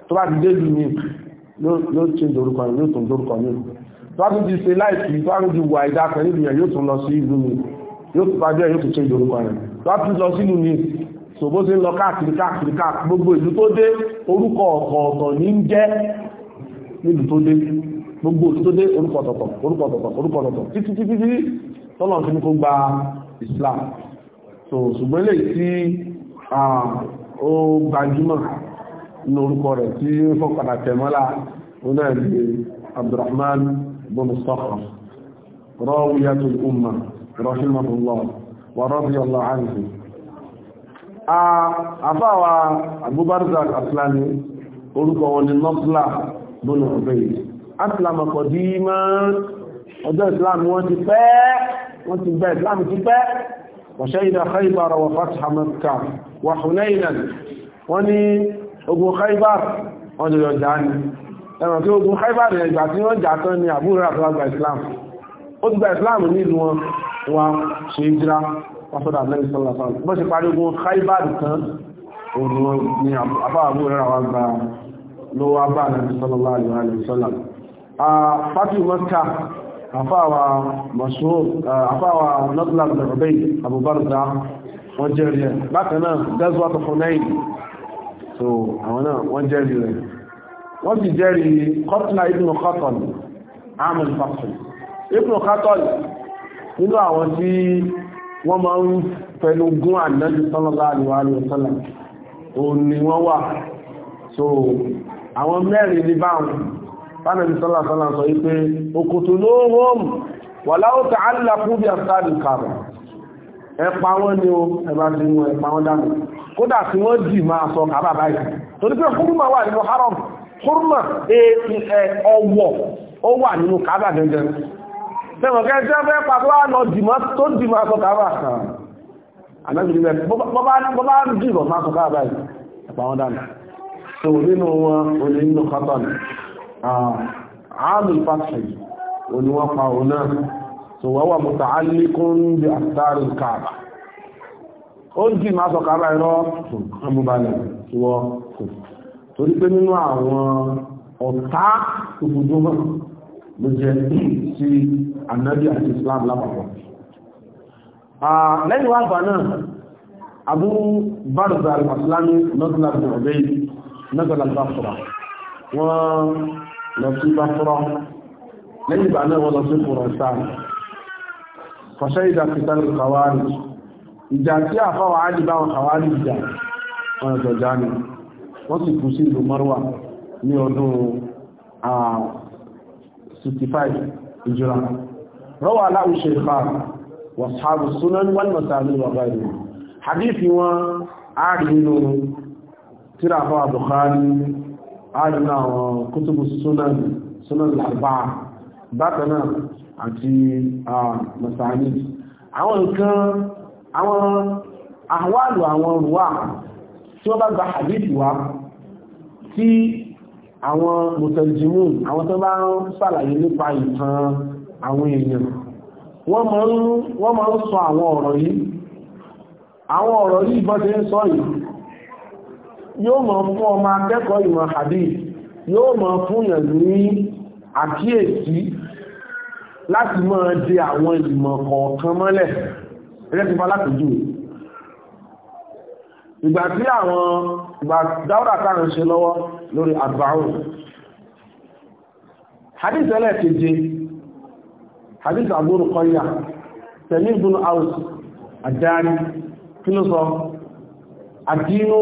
tó bá ti délùú mi yóò change orúkọ rẹ̀ yóò tún dórúkọ mi tó bá tún ti ṣe láìsí tó bá tún ti wà ìdá kan nílùú rẹ̀ yóò tún lọ sí ìlú mi yóò tún pàdé yóò tún change orúkọ rẹ̀ tó bá tún lọ sí ìlú mi so bó ti ń lọ káàkiri káàkiri káàkiri gbogbo ìlú tó dé orúkọ ọ̀tọ̀ọ̀tọ̀ ní ń jẹ́ nílùú tó dé gbogbo ìlú tó dé orúkọ ọ̀tọ̀ọ̀tọ̀ orúkọ ọ̀tọ̀ọ̀tọ̀ orúkọ ọ̀tọ̀ọ̀tọ̀ títí títí tí tọ́lọ̀ ti ní kó gba Islam so ṣùgbọ́n lè tí ó gbajúmọ̀ ní orúkọ rẹ̀ tí ó fọ́kàtà tẹ̀mọ́lá onáàlè Abdurrahman bin Sakhr rawiyatul umma rahimahullah wa radiyallahu anhu àfáwà Abubakar Aslani orúkọ wọn ni nọ́pùlá bọ́nà ọ̀fẹ́ yìí Aslam ọkọ̀dí máa ọjọ́ Islam wọ́n ti pẹ́ wọ́n ti bẹ́ Islam ti pẹ́ wọ̀ṣẹ́yìnà Khaybar wa fatha Makkah wa Hunaynan wọ́n ni wọ́n ni pásọ́dà lẹ́yìn sọ́lá sọ́lá bọ́ sí parí ogun haibad tán òun ni àbáwàbú rẹ̀ àwọn gba ló wá bá lẹ́yìn sọ́lá so àwọn náà wọ́n jẹ́rìí rẹ̀ wọ́n sì jẹ́rìí kọ́tùnà ibùn kọ́tùn àmì fàkùn ibùn kọ́tùn nínú àwọn tí wọ́n máa ń fẹnu gún ànábì sallallahu alaihi wasallam so àwọn mẹ́rin ní báwọn fánàbí sallallahu alaihi wasallam sọ wípé uqtuluhum walau ta'allaqu bi ashabil qabr ẹpa wọn ni o ẹba ti wọn ẹpa wọn dànù kódà tí wọ́n dì máa sọ kàbà báyìí torí pé kúrúmà wà nínú haram kúrúmà ọwọ́ ó wà nínú kàbà gẹ́gẹ́ tẹ́mọ̀kẹ́ tí wọ́n fẹ́ pàtó wá lọ dìmọ́ tó dìmọ́ asọ́kàwà kan anábìrin mẹ́rin bọ́ bá ń dìbọ̀ máa sọ káàbà yìí ẹ̀pà wọn dánà tó nínú wọn olè nínú cotton àmì factory òní wọn pa wọ́n wà mọ́ta alékún bí àtàrí káàbà ó ń dì máa sọ káàbà irọ́ amúbalẹ̀ wọ́n kò torí pé nínú àwọn ọ̀tá òbùdó hàn ló jẹ́ sí ànábì àti islam lápapọ̀ lẹ́yìn wá gbà náà Abu Barza al-Aslami nọ́tìlá bin ọ̀bẹ́ nọ́tìlá Basra wọ́n lọ sí Basra lẹ́yìn ìgbà náà wọ́n lọ sí Khurasan fọ́ṣẹ́ ìjà kìtàlù kàwárí ìjà tí àfáwà á dìbà wọn kàwárí ìjà wọn ẹ̀dọ̀já ni wọ́n sì kú sí ìlú Marwa ní ọdún 65 hijira rawa la'u shaykhar wa ashabu sunan wal masanin wa ghayruhum hadithi wọn arinu tira fa bukhari arina wa kutubu sunan sunan al-arba'a bakana àti masanin àwọn nǹkan àwọn ahwalu àwọn ruwa tí wọ́n bá gba hadithi wa tí àwọn mùtẹ̀lìjìmún àwọn tó bá ń sàlàyé nípa ìtàn àwọn èèyàn wọ́n máa ń sọ àwọn ọ̀rọ̀ yìí àwọn ọ̀rọ̀ yìí bọ́ ti ń sọ yìí yóò mọ̀ fún ọmọ akẹ́kọ̀ọ́ ìmọ̀ hadith yóò mọ̀ fún yàn ní àkíyèsí láti mọ́ di àwọn ìmọ̀ kọ̀ọ̀kan mọ́lẹ̀ ẹgbẹ́ ti bá látòjú ìgbà tí àwọn gba dáwọ́dà tára ṣe lọ́wọ́ lórí hadith ẹlẹ́ẹ̀keje hadith àbúrò kọ́yà tẹ̀lé ìbúnú kí ló sọ àdínú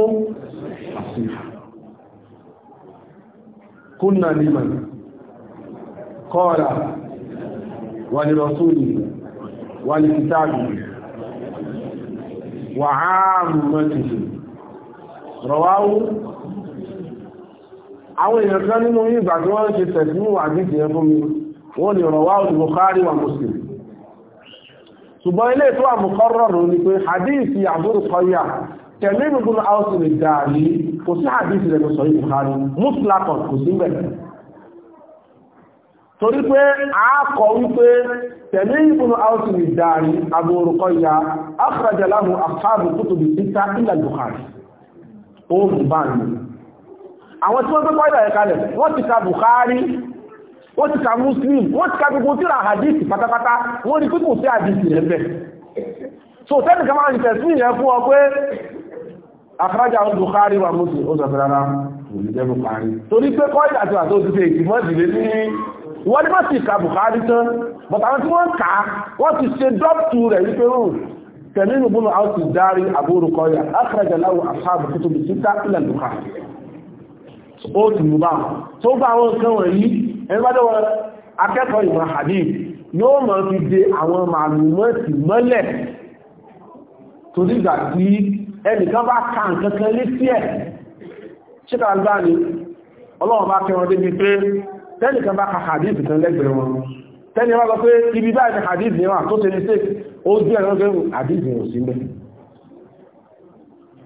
rọ̀wáwú àwọn èèyàn kan nínú ìgbà tí wọ́n ṣe tẹ̀síwò àdíjì ẹ fún mi wọ́n ni rọ̀wáwú ni Bukhari wà Muslim ṣùgbọ́n ilé tó àmùkọ́rọ̀rù ni pé hadisi àbúrò kọ́yà tẹ̀lé ìrùgbùn áwọ̀sùn lè dàrí kò sí hadisi rẹ̀ sọ yìí Bukhari muslakon kò sí bẹ̀rẹ̀ torí oòrùn bá ní àwọn tí wọ́n tó kọ́ ìdàrẹ̀ kalẹ̀ wọ́n ti ka Bukhari wọ́n ti ka Muslim wọ́n ti ka gbogbo tí ra hadith pátápátá wọ́n rí pípò sí hadith rẹ̀ so tẹ́nì kan máa ń tẹ̀sí ìyẹn fún ọ pé àfárájà ń Bukhari Muslim ó sọ fẹ́ rárá òlùjẹ́ Bukhari torí pé kọ́ ìdàtí àti òtútù ìtìmọ́ ìdílé ní wọ́n ní wọ́n ti ka but àwọn tí wọ́n kà á wọ́n ti ṣe dọ́pù rẹ̀ hmm, تميم بن عوف الداري أبو رقية أخرج له أصحاب كتب الستة إلى البخاري قلت المباح توبع àwọn kan wọ̀nyí en ba de wa akẹ́kọ̀ọ́ ìmọ̀ hadith yóò máa fi de àwọn màlúmọ́tì mọ́lẹ̀ tó dìgbà tí ẹnìkan bá ka nǹkan kan létí ẹ̀ ṣíkà àgbà ni ọlọ́run bá kẹwọn débi pé tẹ́nìkan bá ka hadith kan lẹ́gbẹ̀ẹ́ wọn tẹ́nìkan bá sọ pé ibi báyìí ni hadith ni wà tó ṣe ní sèkì ó jẹ́ ẹ̀rọ́gẹ́rù àdíjìn ò sí mẹ́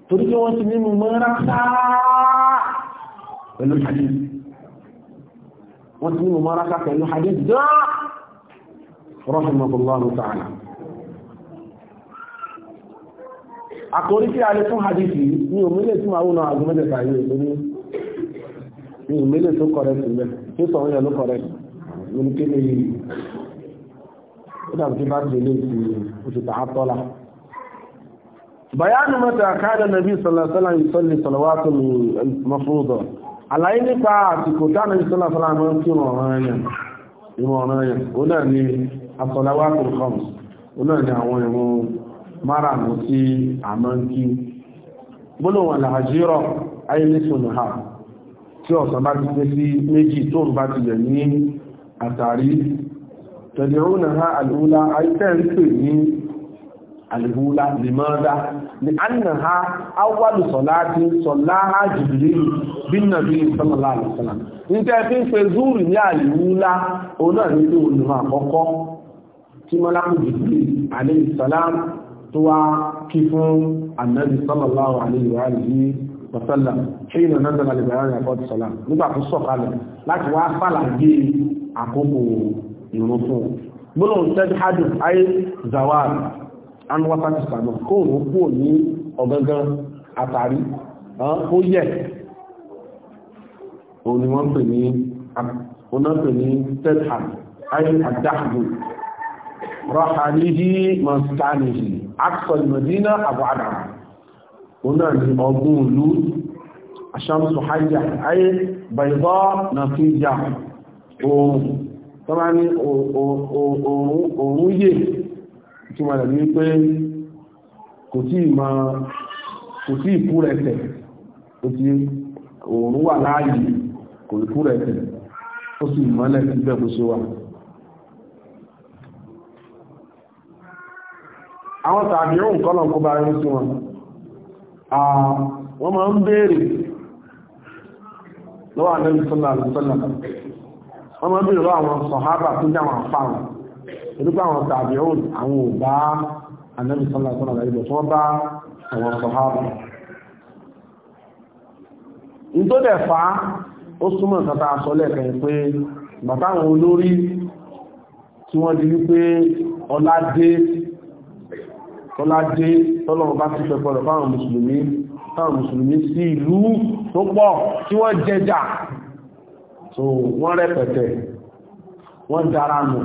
torí kí wọ́n ti nínú mọ́ra sáà pẹ̀lú hadith wọ́n ti nínú mọ́ra sáà pẹ̀lú hadith dáa rahimahullahu ta'ala àkórí tí a lè fún hadith yìí ní òmílẹ̀ tí màá wùnà àgbẹ̀mẹ́lẹ̀ tàyé ètò ní ní òmílẹ̀ tó kọ̀rẹ́ sílẹ̀ tó sọ̀rọ̀ yẹn ló kọ̀rẹ́ sí ó dàbí tí bá tẹ̀lé ti oṣù tàá tọ́lá bayanu mata kada nabi sallallahu alaihi wasallam yusalli salawatu mafruḍa àlàyé nípa àsìkò ta nabi sallallahu alaihi wasallam ti ran yan ìran ran yan ó náà ni as-salawatu al-khams ó náà ni àwọn ìran mara mo ti amanki bolo wa al-hajira ay nisunha tí ọ̀sán bá ti pé sí méjì tó ń ti yẹ̀ ní àtàrí تدعونها الأولى أي تنسي الأولى لماذا؟ لأنها أول صلاة صلاها جبريل بالنبي صلى الله عليه وسلم nígbà tí ń fẹ́ zúrì ní àlìwúlá òun náà ní pé olùmọ̀ àkọ́kọ́ tí mọ́lápù ṣe ìnà náà dára lè àkọ́tù salam nígbà sọ̀kalẹ̀ láti wá sàlàyé àkókò ìrún fún gbọ́nà tẹ́jú hajjú ayé zawal an wákàtí sàmà kó rò pò ní ọ̀gangan àtàrí ó yẹ òun ni wọ́n pè ní tẹ́jú ayé àdáhùn rọ́hàníhì mọ̀sánìhì akọ̀lù mọ̀dínà àbúhàdà òun náà ni ọgbọ́n òlú aṣámsù hajjá ayé bàìbọ́ na fíjà tó bá ní òòrùn yè tí wọ́n rẹ̀ ní pé kò tí ìmọ̀ kò tí ìkú rẹ̀ tẹ̀ ó ti òòrùn wà láàyè kò ìkú rẹ̀ tẹ̀ ó sì mọ́lẹ̀ síbẹ̀ kó ṣe wà àwọn tàbí òun kọ́lọ̀ kó bá rẹ̀ sí wọn wọ́n máa ń béèrè lọ́wọ́ àdẹ́bí sọ́lá wọ́n mọ́ bèèrè àwọn sọ̀hábà tó dáwọn àfáwọn ìdúgbà àwọn tàbí òun àwọn ò bá anábì sọ́lá sọ́lá ìbò tí wọ́n bá àwọn sọ̀hábà ní tó dẹ̀ fa ó súnmọ̀ tata sọ lẹ́ẹ̀kan pé bàtà àwọn olórí tí wọ́n di wípé ọládé tọ́ládé bá so wọ́n rẹpẹtẹ wọ́n dára nù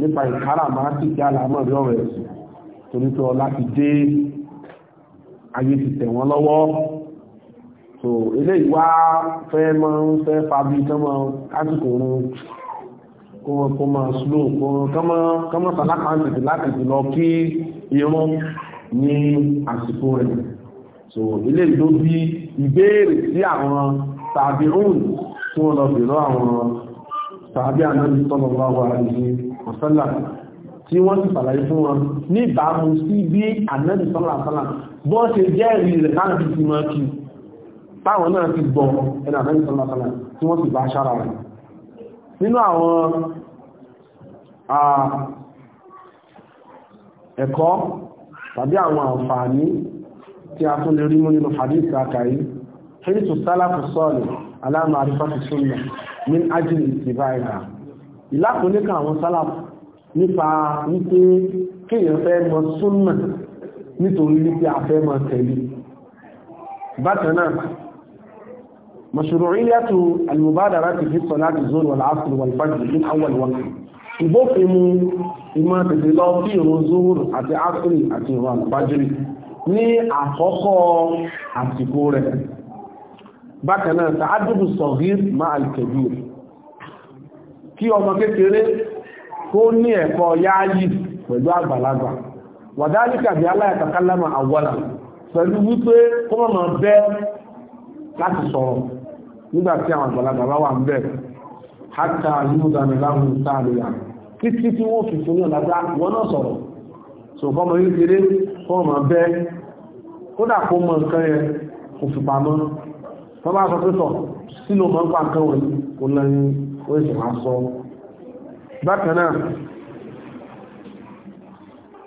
nípa ìkárà máa ti kí àlàmọ́ rí ọ̀rọ̀ ẹ̀sìn torí pé ọlá ti dé ayé ti tẹ̀ wọ́n lọ́wọ́ so ilé ìwá fẹ́ mọ́ ń fẹ́ fàbí tọ́mọ lásìkò oorun kó wọn kó máa slow kó kọ́mọ́ sàlákàntìtì láti ti lọ kí irun ní àsìkò rẹ̀ so ilé ìdó bí ìbéèrè sí àwọn tàbí òun tí wọ́n lọ bèèrè àwọn tàbí ànábi sallallahu alaihi wasallam tí wọ́n ti fàlàyé fún wọn ní ìbámu sí bí ànábi sallallahu alaihi wasallam bọ́ ṣe jẹ́rìí rẹ̀ láti fi mọ́ kí táwọn náà ti gbọ́ ẹ̀nà ànábi sallallahu alaihi wasallam tí wọ́n sì bá ṣára rẹ̀ nínú àwọn ẹ̀kọ́ tàbí àwọn àǹfààní tí a tún lè rí mú nínú hadith àkàrí hadith sálàfù sọ́ọ̀lù aláàmà àrífàtì súnmà ní ajílì ìtìbá ìhà ìlàkùnlẹ́kà àwọn sálàpù nípa wípé kéèyàn fẹ́ mọ súnmà nítorí wípé àfẹ́ mọ tẹ̀lé bákan náà mashru'iyyatu al-mubadarati fi salati zuhr wal asr wal fajr min awwal waqt ìbófin mu ìmọ̀ tètè lọ sí ìrun zuhur àti asr àti ìrun àlùfájìrì ní àkọ́kọ́ àsìkò rẹ̀ bákanáà tààdùbù sọ̀gír máa alkebir kí ọmọ kékeré kó ní ẹ̀kọ́ yááyì pẹ̀lú àgbàlagbà wàdáríkà bí aláyàtàkálámà àwọ́là pẹ̀lú wípé kó mọ́ mọ́ bẹ́ láti sọ̀rọ̀ nígbàtí àwọn àgbàlagbà bá wà ń bẹ̀ hátà yúdàmì láhùn sáàlùyà títí tí wọ́n fi fún ní ọ̀lá wọn náà kó mọ́ kó mọ nǹkan yẹn kò tó bá sọ pé tọ̀ sínú ọmọ ń pa nǹkan wọ̀nyí kò lẹ́yìn ó sì máa sọ bákan náà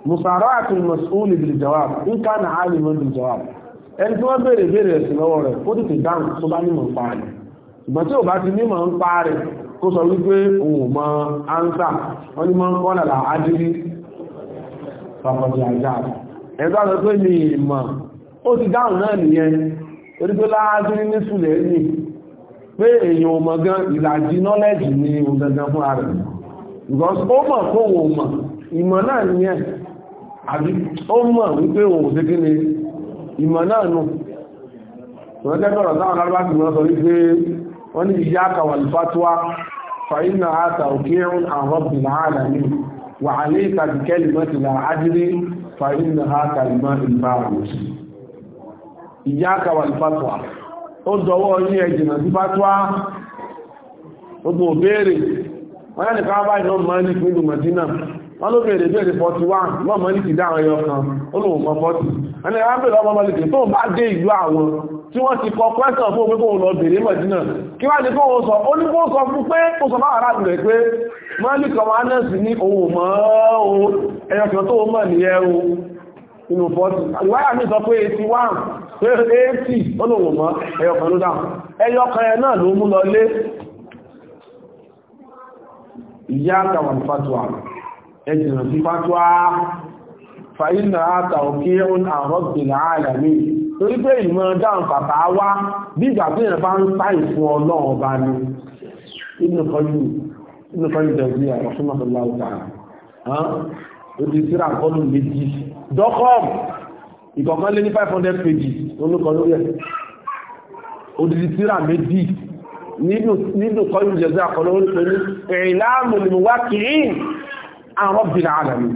musara'atu al-mas'ul bil jawab in kana 'aliman bil jawab ẹni tí wọ́n bèèrè bèèrè ẹ̀sìn lọ́wọ́ rẹ̀ ó tètè dáhùn tó bá nímọ̀ ń pa rẹ̀ ìgbà tí ò bá ti nímọ̀ ń pa rẹ̀ kó sọ wípé òun mọ ánsà wọ́n ní mọ́ ń kọ́ lálà ájírí pàpàdé àjá ẹ̀dọ́ àjọ́ pé torí pé láàájú ní nísùlẹ̀ ní pé èèyàn ọmọ gan ìlàjì nọ́lẹ́jì ní ohun dandan fún ara rẹ̀ because ó ni ìmọ̀ náà nù ìrọ̀jẹ́gbọ̀rọ̀ táwọn alábá ti mọ́ sọ wípé wọ́n ní ìyá kàwàlì fatuwa fàínà àtà òkèrún àrọ́bì láàrẹ̀ ní wà á ní ìtàkìkẹ́ lè mọ́ ti fàínà àtà ìmọ̀ ìbára ìyáka wà ní fàtíwà ó dọwọ́ ní ẹjìnà sí fàtíwà gbogbo òbéèrè wọ́n yá nìkan bá iná mọ́ ní pínlú Mẹ́dínà wọ́n ló béèrè béèrè 41 lọ́mọ́ ní ti dáwọn ẹyọ kan ó lòun kan 40 ẹni ẹ̀rá béèrè ọmọ mọ́lẹ̀kì tó bá dé ìlú àwọn tí wọ́n ti kọ pẹ́sàn fún òpé kóhùn lọ béèrè Mẹ́dínà kí wá ní kóhùn sọ ó ní kóhùn sọ pé 81 èéfì olóhùn mọ́ ẹyọkan ló dáhùn ẹyọkan ẹ náà ló mú lọ lé ìyá àtàwọn fatuwa ẹjìnà sí fatuwa fàyínà àtàwọn kí ó ń àrọ́bìnà àyàmí torí pé ìmọ̀ dáhùn pàtà wá bí ìgbà tí ìrìn bá ń sáì fún ọlọ́run bá ní inúkọlù dẹ̀bí àrọ̀ṣúnmọ̀lá ìkọ̀kan lé ní 500 pages olókọ lórí ẹ̀ odidi tíra méjì nínú kọlu jẹ́zẹ́ àkọlọ́ orí pẹ̀lú ìrìnláàmù ni mo wá kìí àrọ́ bìnà àlàmì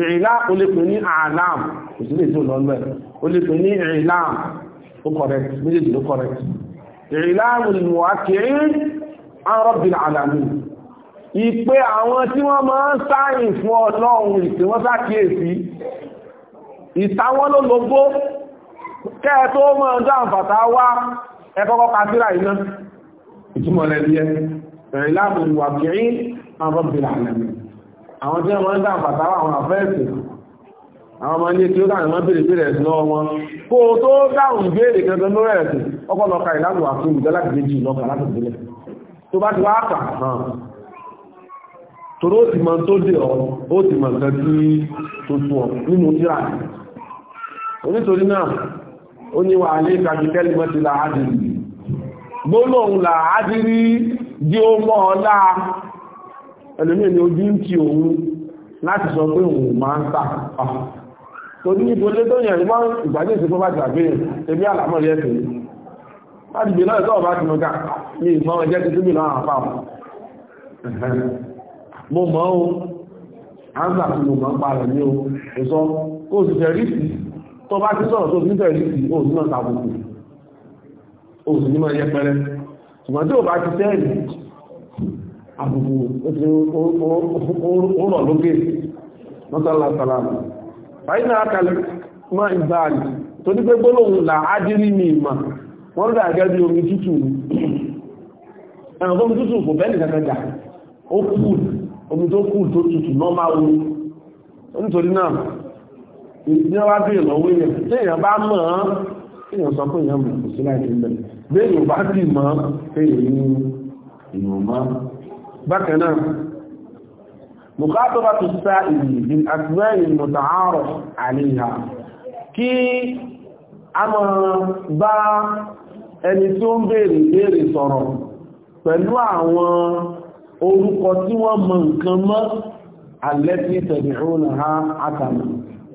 ìrìnlá o lè pè ní àlàmù kò sí lè tí ó lọ lẹ́ o lè pè ní ìrìnláàmù ó correct ìpé àwọn tí wọ́n máa ń sáyìn fún ọlọ́run ìpé wọ́n sá kíyèsí ìtawọ́ ló lógó kẹ́ẹ̀ tó mọ́ ọjọ́ àǹfàtà wá ẹkọ́kọ́ kàtírà iná ìtumọ̀ rẹ̀ bí ẹ ìlàbò ìwà kìí àrọ́bìnà àlẹ́mì àwọn tí wọ́n ń dá àǹfàtà wá àwọn àfẹ́ẹ̀sì àwọn ọmọ ilé tí ó dáhùn wọn bèèrè bèèrè ẹ̀sìn lọ́wọ́ wọn kó o tó dáhùn béèrè kankan lórí ẹ̀sìn ọkọ̀ lọ́ka ìlànà àti olùdá bá ti wá kà hàn tòró ti mọ̀ tó dé ọ ó ti mọ̀ tí tó tún ọ nínú tíra onítorí náà ó ní wà ní kàjíkẹ́lì mọ́ ti làádìrí gbólóhùn làádìrí di ó mọ́ ọlá ẹlòmí ni ojú ń ti òun láti sọ pé òun máa ń tà torí ní ìbòlé tó yẹ̀rí mọ́ ìgbàdé ìsìnkú bá tàbí ẹbí àlàmọ́ rẹ̀ ẹ̀sìn láti gbé náà sọ́ọ̀bá ti mọ́gá ní ìfọ́n ẹjẹ́ ti túbì o ánsà tí mo mọ́ pa o ìsọ kó tó bá ti sọ̀rọ̀ tó fi ń tẹ̀lé sí òun náà tàbùkù òun ní máa yẹ pẹrẹ ṣùgbọ́n tí ò bá ti tẹ́ẹ̀lì àbùkù ó rọ̀ lókè mọ́sálà sàlámù báyìí náà kalẹ̀ máa ń bá àlè tó ní pé gbólóhùn là ájírí ní ìmà wọ́n rí àgẹ́ bí omi tútù ẹ̀rọ omi tútù kò bẹ́ẹ̀ nìkan normal omi nítorí náà ìdílé wá bí ìlọ́wọ́ èèyàn tí èèyàn bá mọ̀ ọ́n èèyàn sọ pé èèyàn mọ̀ kò sí láì fi bẹ̀rẹ̀ bí èèyàn bá sì mọ̀ èèyàn ní èèyàn mọ́ bákan náà mùkátọ́bà tó sá ìlú bí àtúwẹ́ ìmọ̀ta kí a mọ̀ bá ẹni tó ń béèrè béèrè sọ̀rọ̀ pẹ̀lú àwọn orúkọ tí wọ́n mọ̀ nǹkan mọ́ alẹ́ tí tẹ̀lé ha àtàlù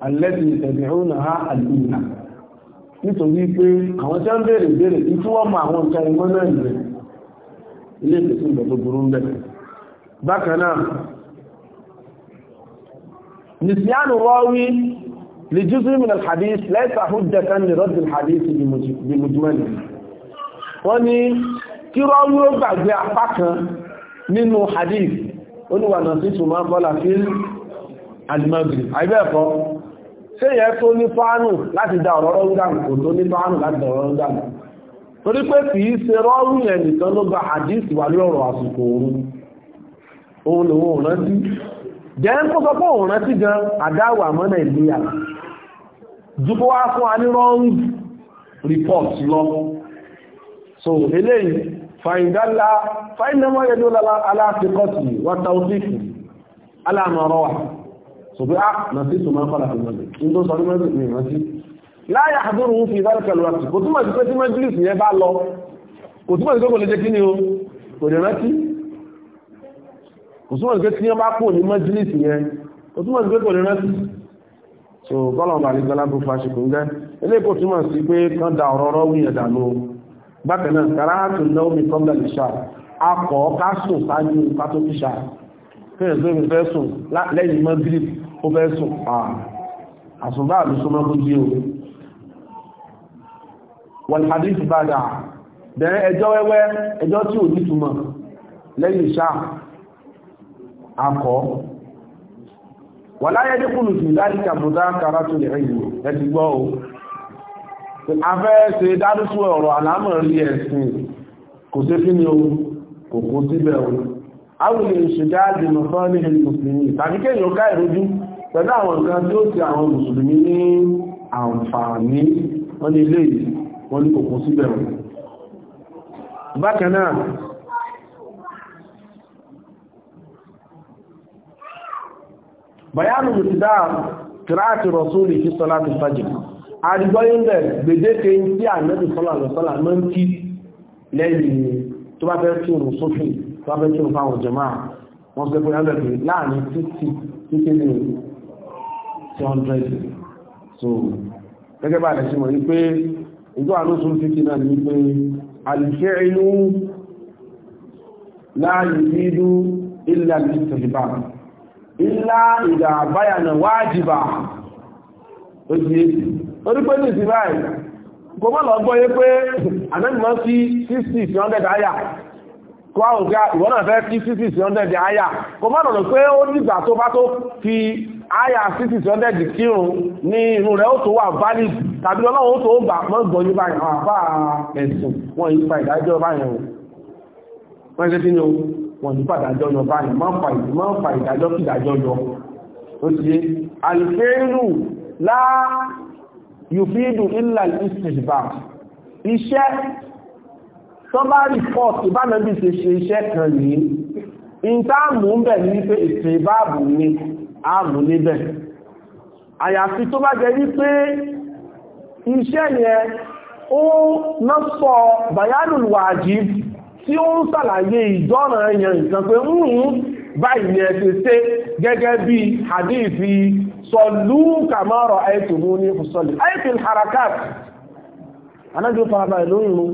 alẹ́bí ìtẹ̀bẹ̀rún náà àdúgbà nítorí pé àwọn tí wọ́n bèèrè bèèrè tí tí wọ́n mọ àwọn nǹkan ẹ̀mọ́ náà rẹ̀ ilé ìpèsè ìgbẹ̀ tó burú ń bẹ̀. bákan náà nìsíánù rọ́wí lè jùsù min al-hadith lẹ́sà hujjatan lè rọ́dì al-hadith bí ṣé yẹ tó ní fánù láti da ọ̀rọ̀ rọ́rùn kò tó ní fánù láti da ọ̀rọ̀ rọ́rùn torí pé kì í ṣe rọ́rùn yẹn nìkan ló gba àdíìsì wà ní ọ̀rọ̀ àsìkò òru òun lòun ò jẹ́ ń kó sọ pé so eléyìí fàyìndánlá fàyìndánlá yẹn ló lára aláàfikọ́sì wọ́n ta ó ṣùgbọ́n á ah, nà sí sùn máa ń padà fún mọ́lẹ̀ ní tó sọ ní mọ́lẹ̀ ní ìrántí láyà àdúrà ń fi ìbára pẹ̀lú àti kò túmọ̀ sí pé tí mẹ́jìlì sì yẹn bá lọ kò túmọ̀ sí pé kò lè ni o kò lè rántí so bọ́lọ̀n bá ní gbọ́lá bó fàṣẹ kò ń gẹ́ ilé kò túmọ̀ sí pé kán da ọ̀rọ̀ ọ̀rọ̀ wíyàn dànù bákan náà kàrá tó náwó mi kọ́ bẹ̀lì ṣáà akọ̀ ká sùn sáájú ká tó ó fẹ́ sùn àṣùgbà àlú súnmọ́ kú jí o wal hadith bada bẹ̀rẹ̀ ẹjọ́ wẹ́wẹ́ ẹjọ́ tí ò ní túmọ̀ lẹ́yìn ìṣà akọ́ wà láyé dínkùnù sí láríkà mọ́dá kára tó lè rìn ẹ o afẹ́ ṣe dárúsù ọ̀rọ̀ àlámọ̀ rí ẹ̀sìn kò sí ni o kò kó síbẹ̀ o awùlẹ̀ ìṣẹ̀dá àdìmọ̀ fọ́nìhìn mùsùlùmí tàbí kéèyàn ká ìrójú pẹ̀lú àwọn nǹkan tí ó ti àwọn mùsùlùmí ní àǹfààní wọ́n ní ilé wọ́n ní kòkó síbẹ̀ wọn bákan náà bayanu mutida kìráàtì rọ̀súlì fi sọ́lá ti fàjì àdìgbọ́yìnbẹ̀ gbèdéke tí ànẹ́bì sọ́lá lọ́sọ́lá mọ́ ń kí lẹ́yìn tó bá fẹ́ tí òun sófin tó bá fẹ́ tí òun fáwọn jẹmáà wọ́n sẹ́kùn láàrin títí títí sí hundred so gẹ́gẹ́ bá àdẹ̀sí wọ̀nyí pé ìjọ àlóṣun fífi náà ní pé àlùfẹ́ inú láàyè dídú ilẹ̀ àlùfẹ́sìbà ilá ìdà àbáyànà wájìbà ó ti orí pé ní ìsìn báyìí kò mọ́ lọ gbọ́ yé pé ànábìmọ́ sí 60 100 àyà kọ́wàá òkè ìwọ́n náà fẹ́ kí 600 àyà kò mọ́ lọ́nà pé ó nígbà tó bá tó fi àyà 600 kírun ní inú rẹ̀ ó tó wà valid tàbí ọlọ́run ó tó gbà mọ́ gbọ́ yí báyìí àwọn àbá ẹ̀sùn wọ́n yí pa ìdájọ́ báyìí wọ́n ṣe kí ni wọ́n yí pàdájọ́ yọ báyìí mọ́ fa ìdájọ́ kí ìdájọ́ yọ ó ti tó bá rìpọ́ọ̀tì ìbánàbí ṣe ṣe iṣẹ́ kan yìí a ń bẹ̀ ní wípé ètò ìbáàbù ni níbẹ̀ àyàfi tó bá jẹ́ wípé iṣẹ́ yẹn ó nọ́sọ̀ bayanul tí ó ń sàlàyé ìjọ́ràn ẹ̀yàn nǹkan pé ń báyìí ni ẹ̀sẹ̀ ṣe gẹ́gẹ́ bí kàmọ́rọ̀ ní harakat anájú fara báyìí lóyún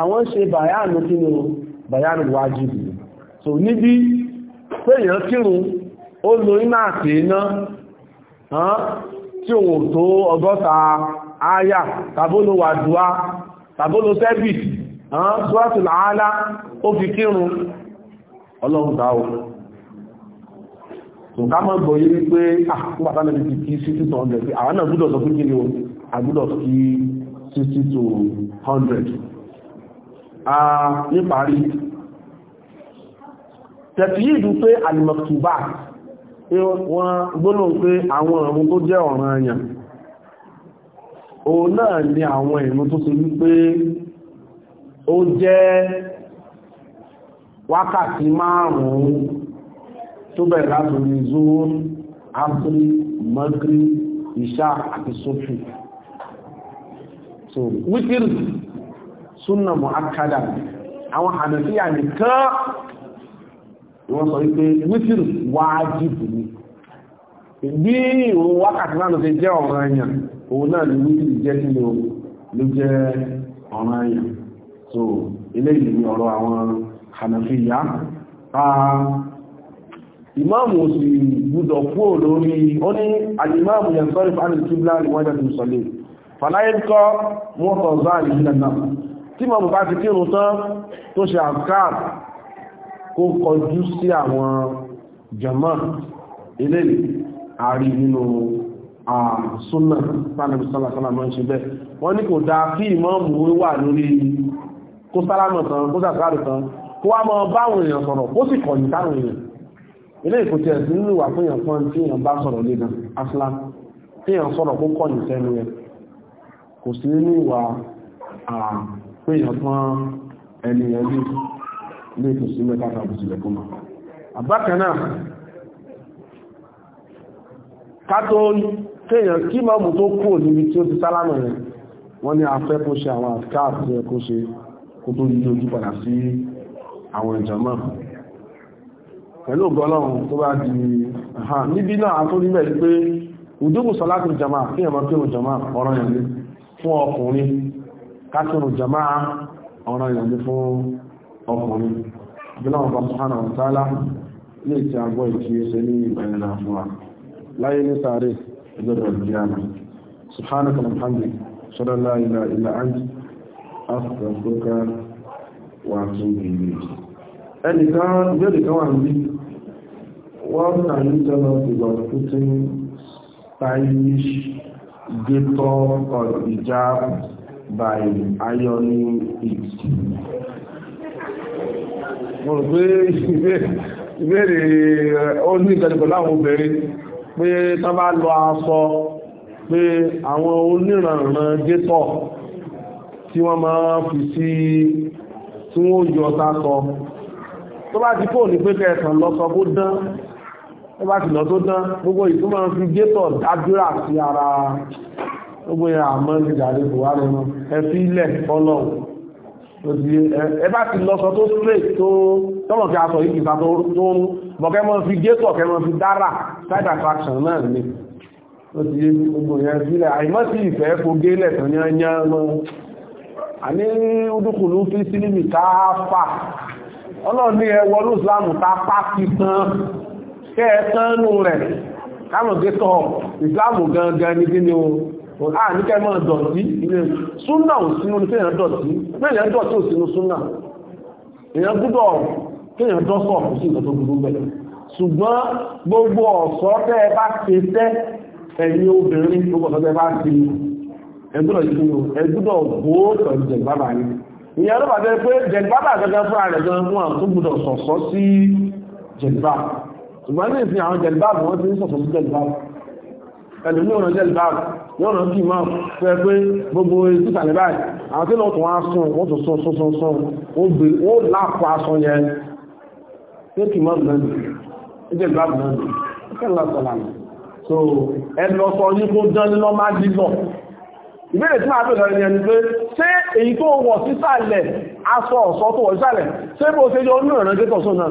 àwọn ṣe bàyánù kí ni bàyánù wájìbì so níbi péyàn kírun ó lo iná àti iná tí òun tó ọgọ́ta àyà tàbólò wàdúwá tàbólò sẹ́bì ṣúwátù làálá ó fi kírun ọlọ́run dáwò tó ká mọ́ gbọ́ yìí wípé àkúgbàtà náà ti kí sí 200 àwọn náà gbúdọ̀ sọ fún kí ni o àgbúdọ̀ kí 60 to 100 níparí tẹ̀fìyìdù pé alìmọ̀tùbà wọ́n gbónà pé àwọn ọ̀run tó jẹ́ ọ̀ràn àyàn òun náà ni àwọn ìrun tó ṣe wípé ó jẹ́ wákàtí márùn-ún tó bẹ̀rẹ̀ látòrí zuhur asri magri isha àti sofi so wítírì súnà mu'akkada àwọn hànàfíà nìkan wọ́n sọ wípé wítìrì wájìbù ni bí ìwọ̀n wákàtí náà ló fi jẹ́ ọ̀ràn èèyàn òun náà ni wítìrì jẹ́ kí ló jẹ́ ọ̀ràn èèyàn so eléyìí ni ọ̀rọ̀ àwọn hànàfíà ìmáàmù òsì gbúdọ̀ kúrò lórí ó ní alìmáàmù yẹn sọ́rí fún alìkíblá ìwájá tó sọlé fàláyé kọ́ mọ́tọ̀ záàlì nílẹ̀ tí mọ̀ bùbá ti kírun tán tó ṣe àkáà kó kọjú sí àwọn jàmá eléyìí àrí nínú àsúnà pánàbí sálàsálà mọ́ ṣe bẹ́ẹ̀ wọ́n ní kò dáa kí ìmọ̀ọ̀mù wà lórí kó sálámọ̀ tán kó sàkárù tán kó wá mọ́ báwọn èèyàn sọ̀rọ̀ kó sì kọ̀yìn táwọn èèyàn ilé ìkòtí pé èèyàn pọ́n ẹni ẹni lè tó sí mẹ́ta tàbí sílẹ̀ fún ma àbákanáà kátó kéèyàn kí máa mú tó kúrò níbi tí ó ti sálámà rẹ̀ wọ́n ní afẹ́ kó ṣe àwọn àkáàtì ẹ̀ kó ṣe kó tó yí ojú padà sí àwọn ìjọmọ́ pẹ̀lú ògbọ́lọ́run tó bá di àhán níbi náà a tó níbẹ̀ pé ìdókùsọ láti jama kí ẹ̀mọ́ kí o jama ọ̀rọ̀ yẹn fún ọkùnrin kásìrò jama'a ọ̀rọ̀ ìyànjú fún ọkùnrin abúláwọn bá sùhánà ọ̀tálá ní ìtì àgbọ́ ìtì ẹsẹ̀ ní ìbẹ̀rẹ̀ fún wa láyé ní sàárè ìgbẹ̀rẹ̀ ìjìyàmà sùhánà kàlùmhàmì sọ́dọ̀lá ilẹ̀ ilẹ̀ àjí afirka wà tún ìlú ẹnìkan ìjọ́dì kan wà ń bí wọ́n tà or hijab by ironing it. Mo rò pé ìbéèrè eh, ó ní ìgbẹ̀lẹ̀kọ̀ láwọn obìnrin pé tán bá lọ aṣọ pé àwọn oníranran gétọ̀ tí wọ́n máa fi sí tí wọ́n yọ sásọ. Tó bá ti kò ní pé kẹsàn lọ́sọ kó dán, tó bá ti lọ tó dán, gbogbo ìtumọ̀ fi gétọ̀ dájúrà sí ara gbogbo ya àmọ́ ní ìjàdé buhari mọ́ ẹ̀fí ilẹ̀ fọ́lọ̀ ẹbá ti lọ́sọ tó straight tó tọ́mọ̀ fi aṣọ yìí kìta tó rú bọ̀kẹ́ mọ́ fi gẹ́tọ̀ kẹ́ mọ́ fi dára side attraction náà ni ó ti yé gbogbo yẹn sílẹ̀ àìmọ́ sí ìfẹ́ fogé lẹ̀tọ̀ yányá mọ́ àní udukùnú fi sílímì káfà ọlọ́ọ̀ni ẹwọ́ ní ìsìlámù ta pàtì tán kẹ́ẹ̀tánú rẹ̀ kámọ̀ gẹ́tọ̀ ìsìlámù gangan ní kí ni a ah, ní kẹ́ mọ́ dọ̀tí ilé súnà ò sínú ní kéèyàn dọ̀tí kéèyàn dọ̀tí ò sínú súnà èèyàn gbúdọ̀ kéèyàn dọ́sọ̀ kò sí nǹkan tó burú ṣùgbọ́n gbogbo ọ̀sọ́ tẹ́ ẹ bá ṣe tẹ́ ẹ̀yin obìnrin gbogbo ẹlòmí ọ̀nà jẹ́ ìbáàbù yóò rán sí máa fẹ́ pé gbogbo ìsìsàlẹ̀ báyìí àwọn tí lọ́tún wá sùn wọ́n tún sún sún sún sún ó lápò aṣọ yẹn tí ó kì máa bẹ̀rẹ̀ ní jẹ́ ìbáàbù náà ní kẹ́lá sọ̀làmù so ẹlọ sọ ní kó dán ní lọ́ máa dìbọ̀ ìbéèrè tí máa bèèrè rẹ̀ ni pé ṣé èyí tó wọ̀ sísàlẹ̀ aṣọ ọ̀ṣọ́ tó wọ̀ sísàlẹ̀ ṣé bó ṣe yọ onírànlẹ́gbẹ̀tọ̀ sọ náà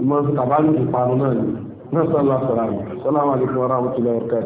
mo máa ń fi tàbá ní ìparun náà ní náà sọ́lá sọ́lá mi sọ́lá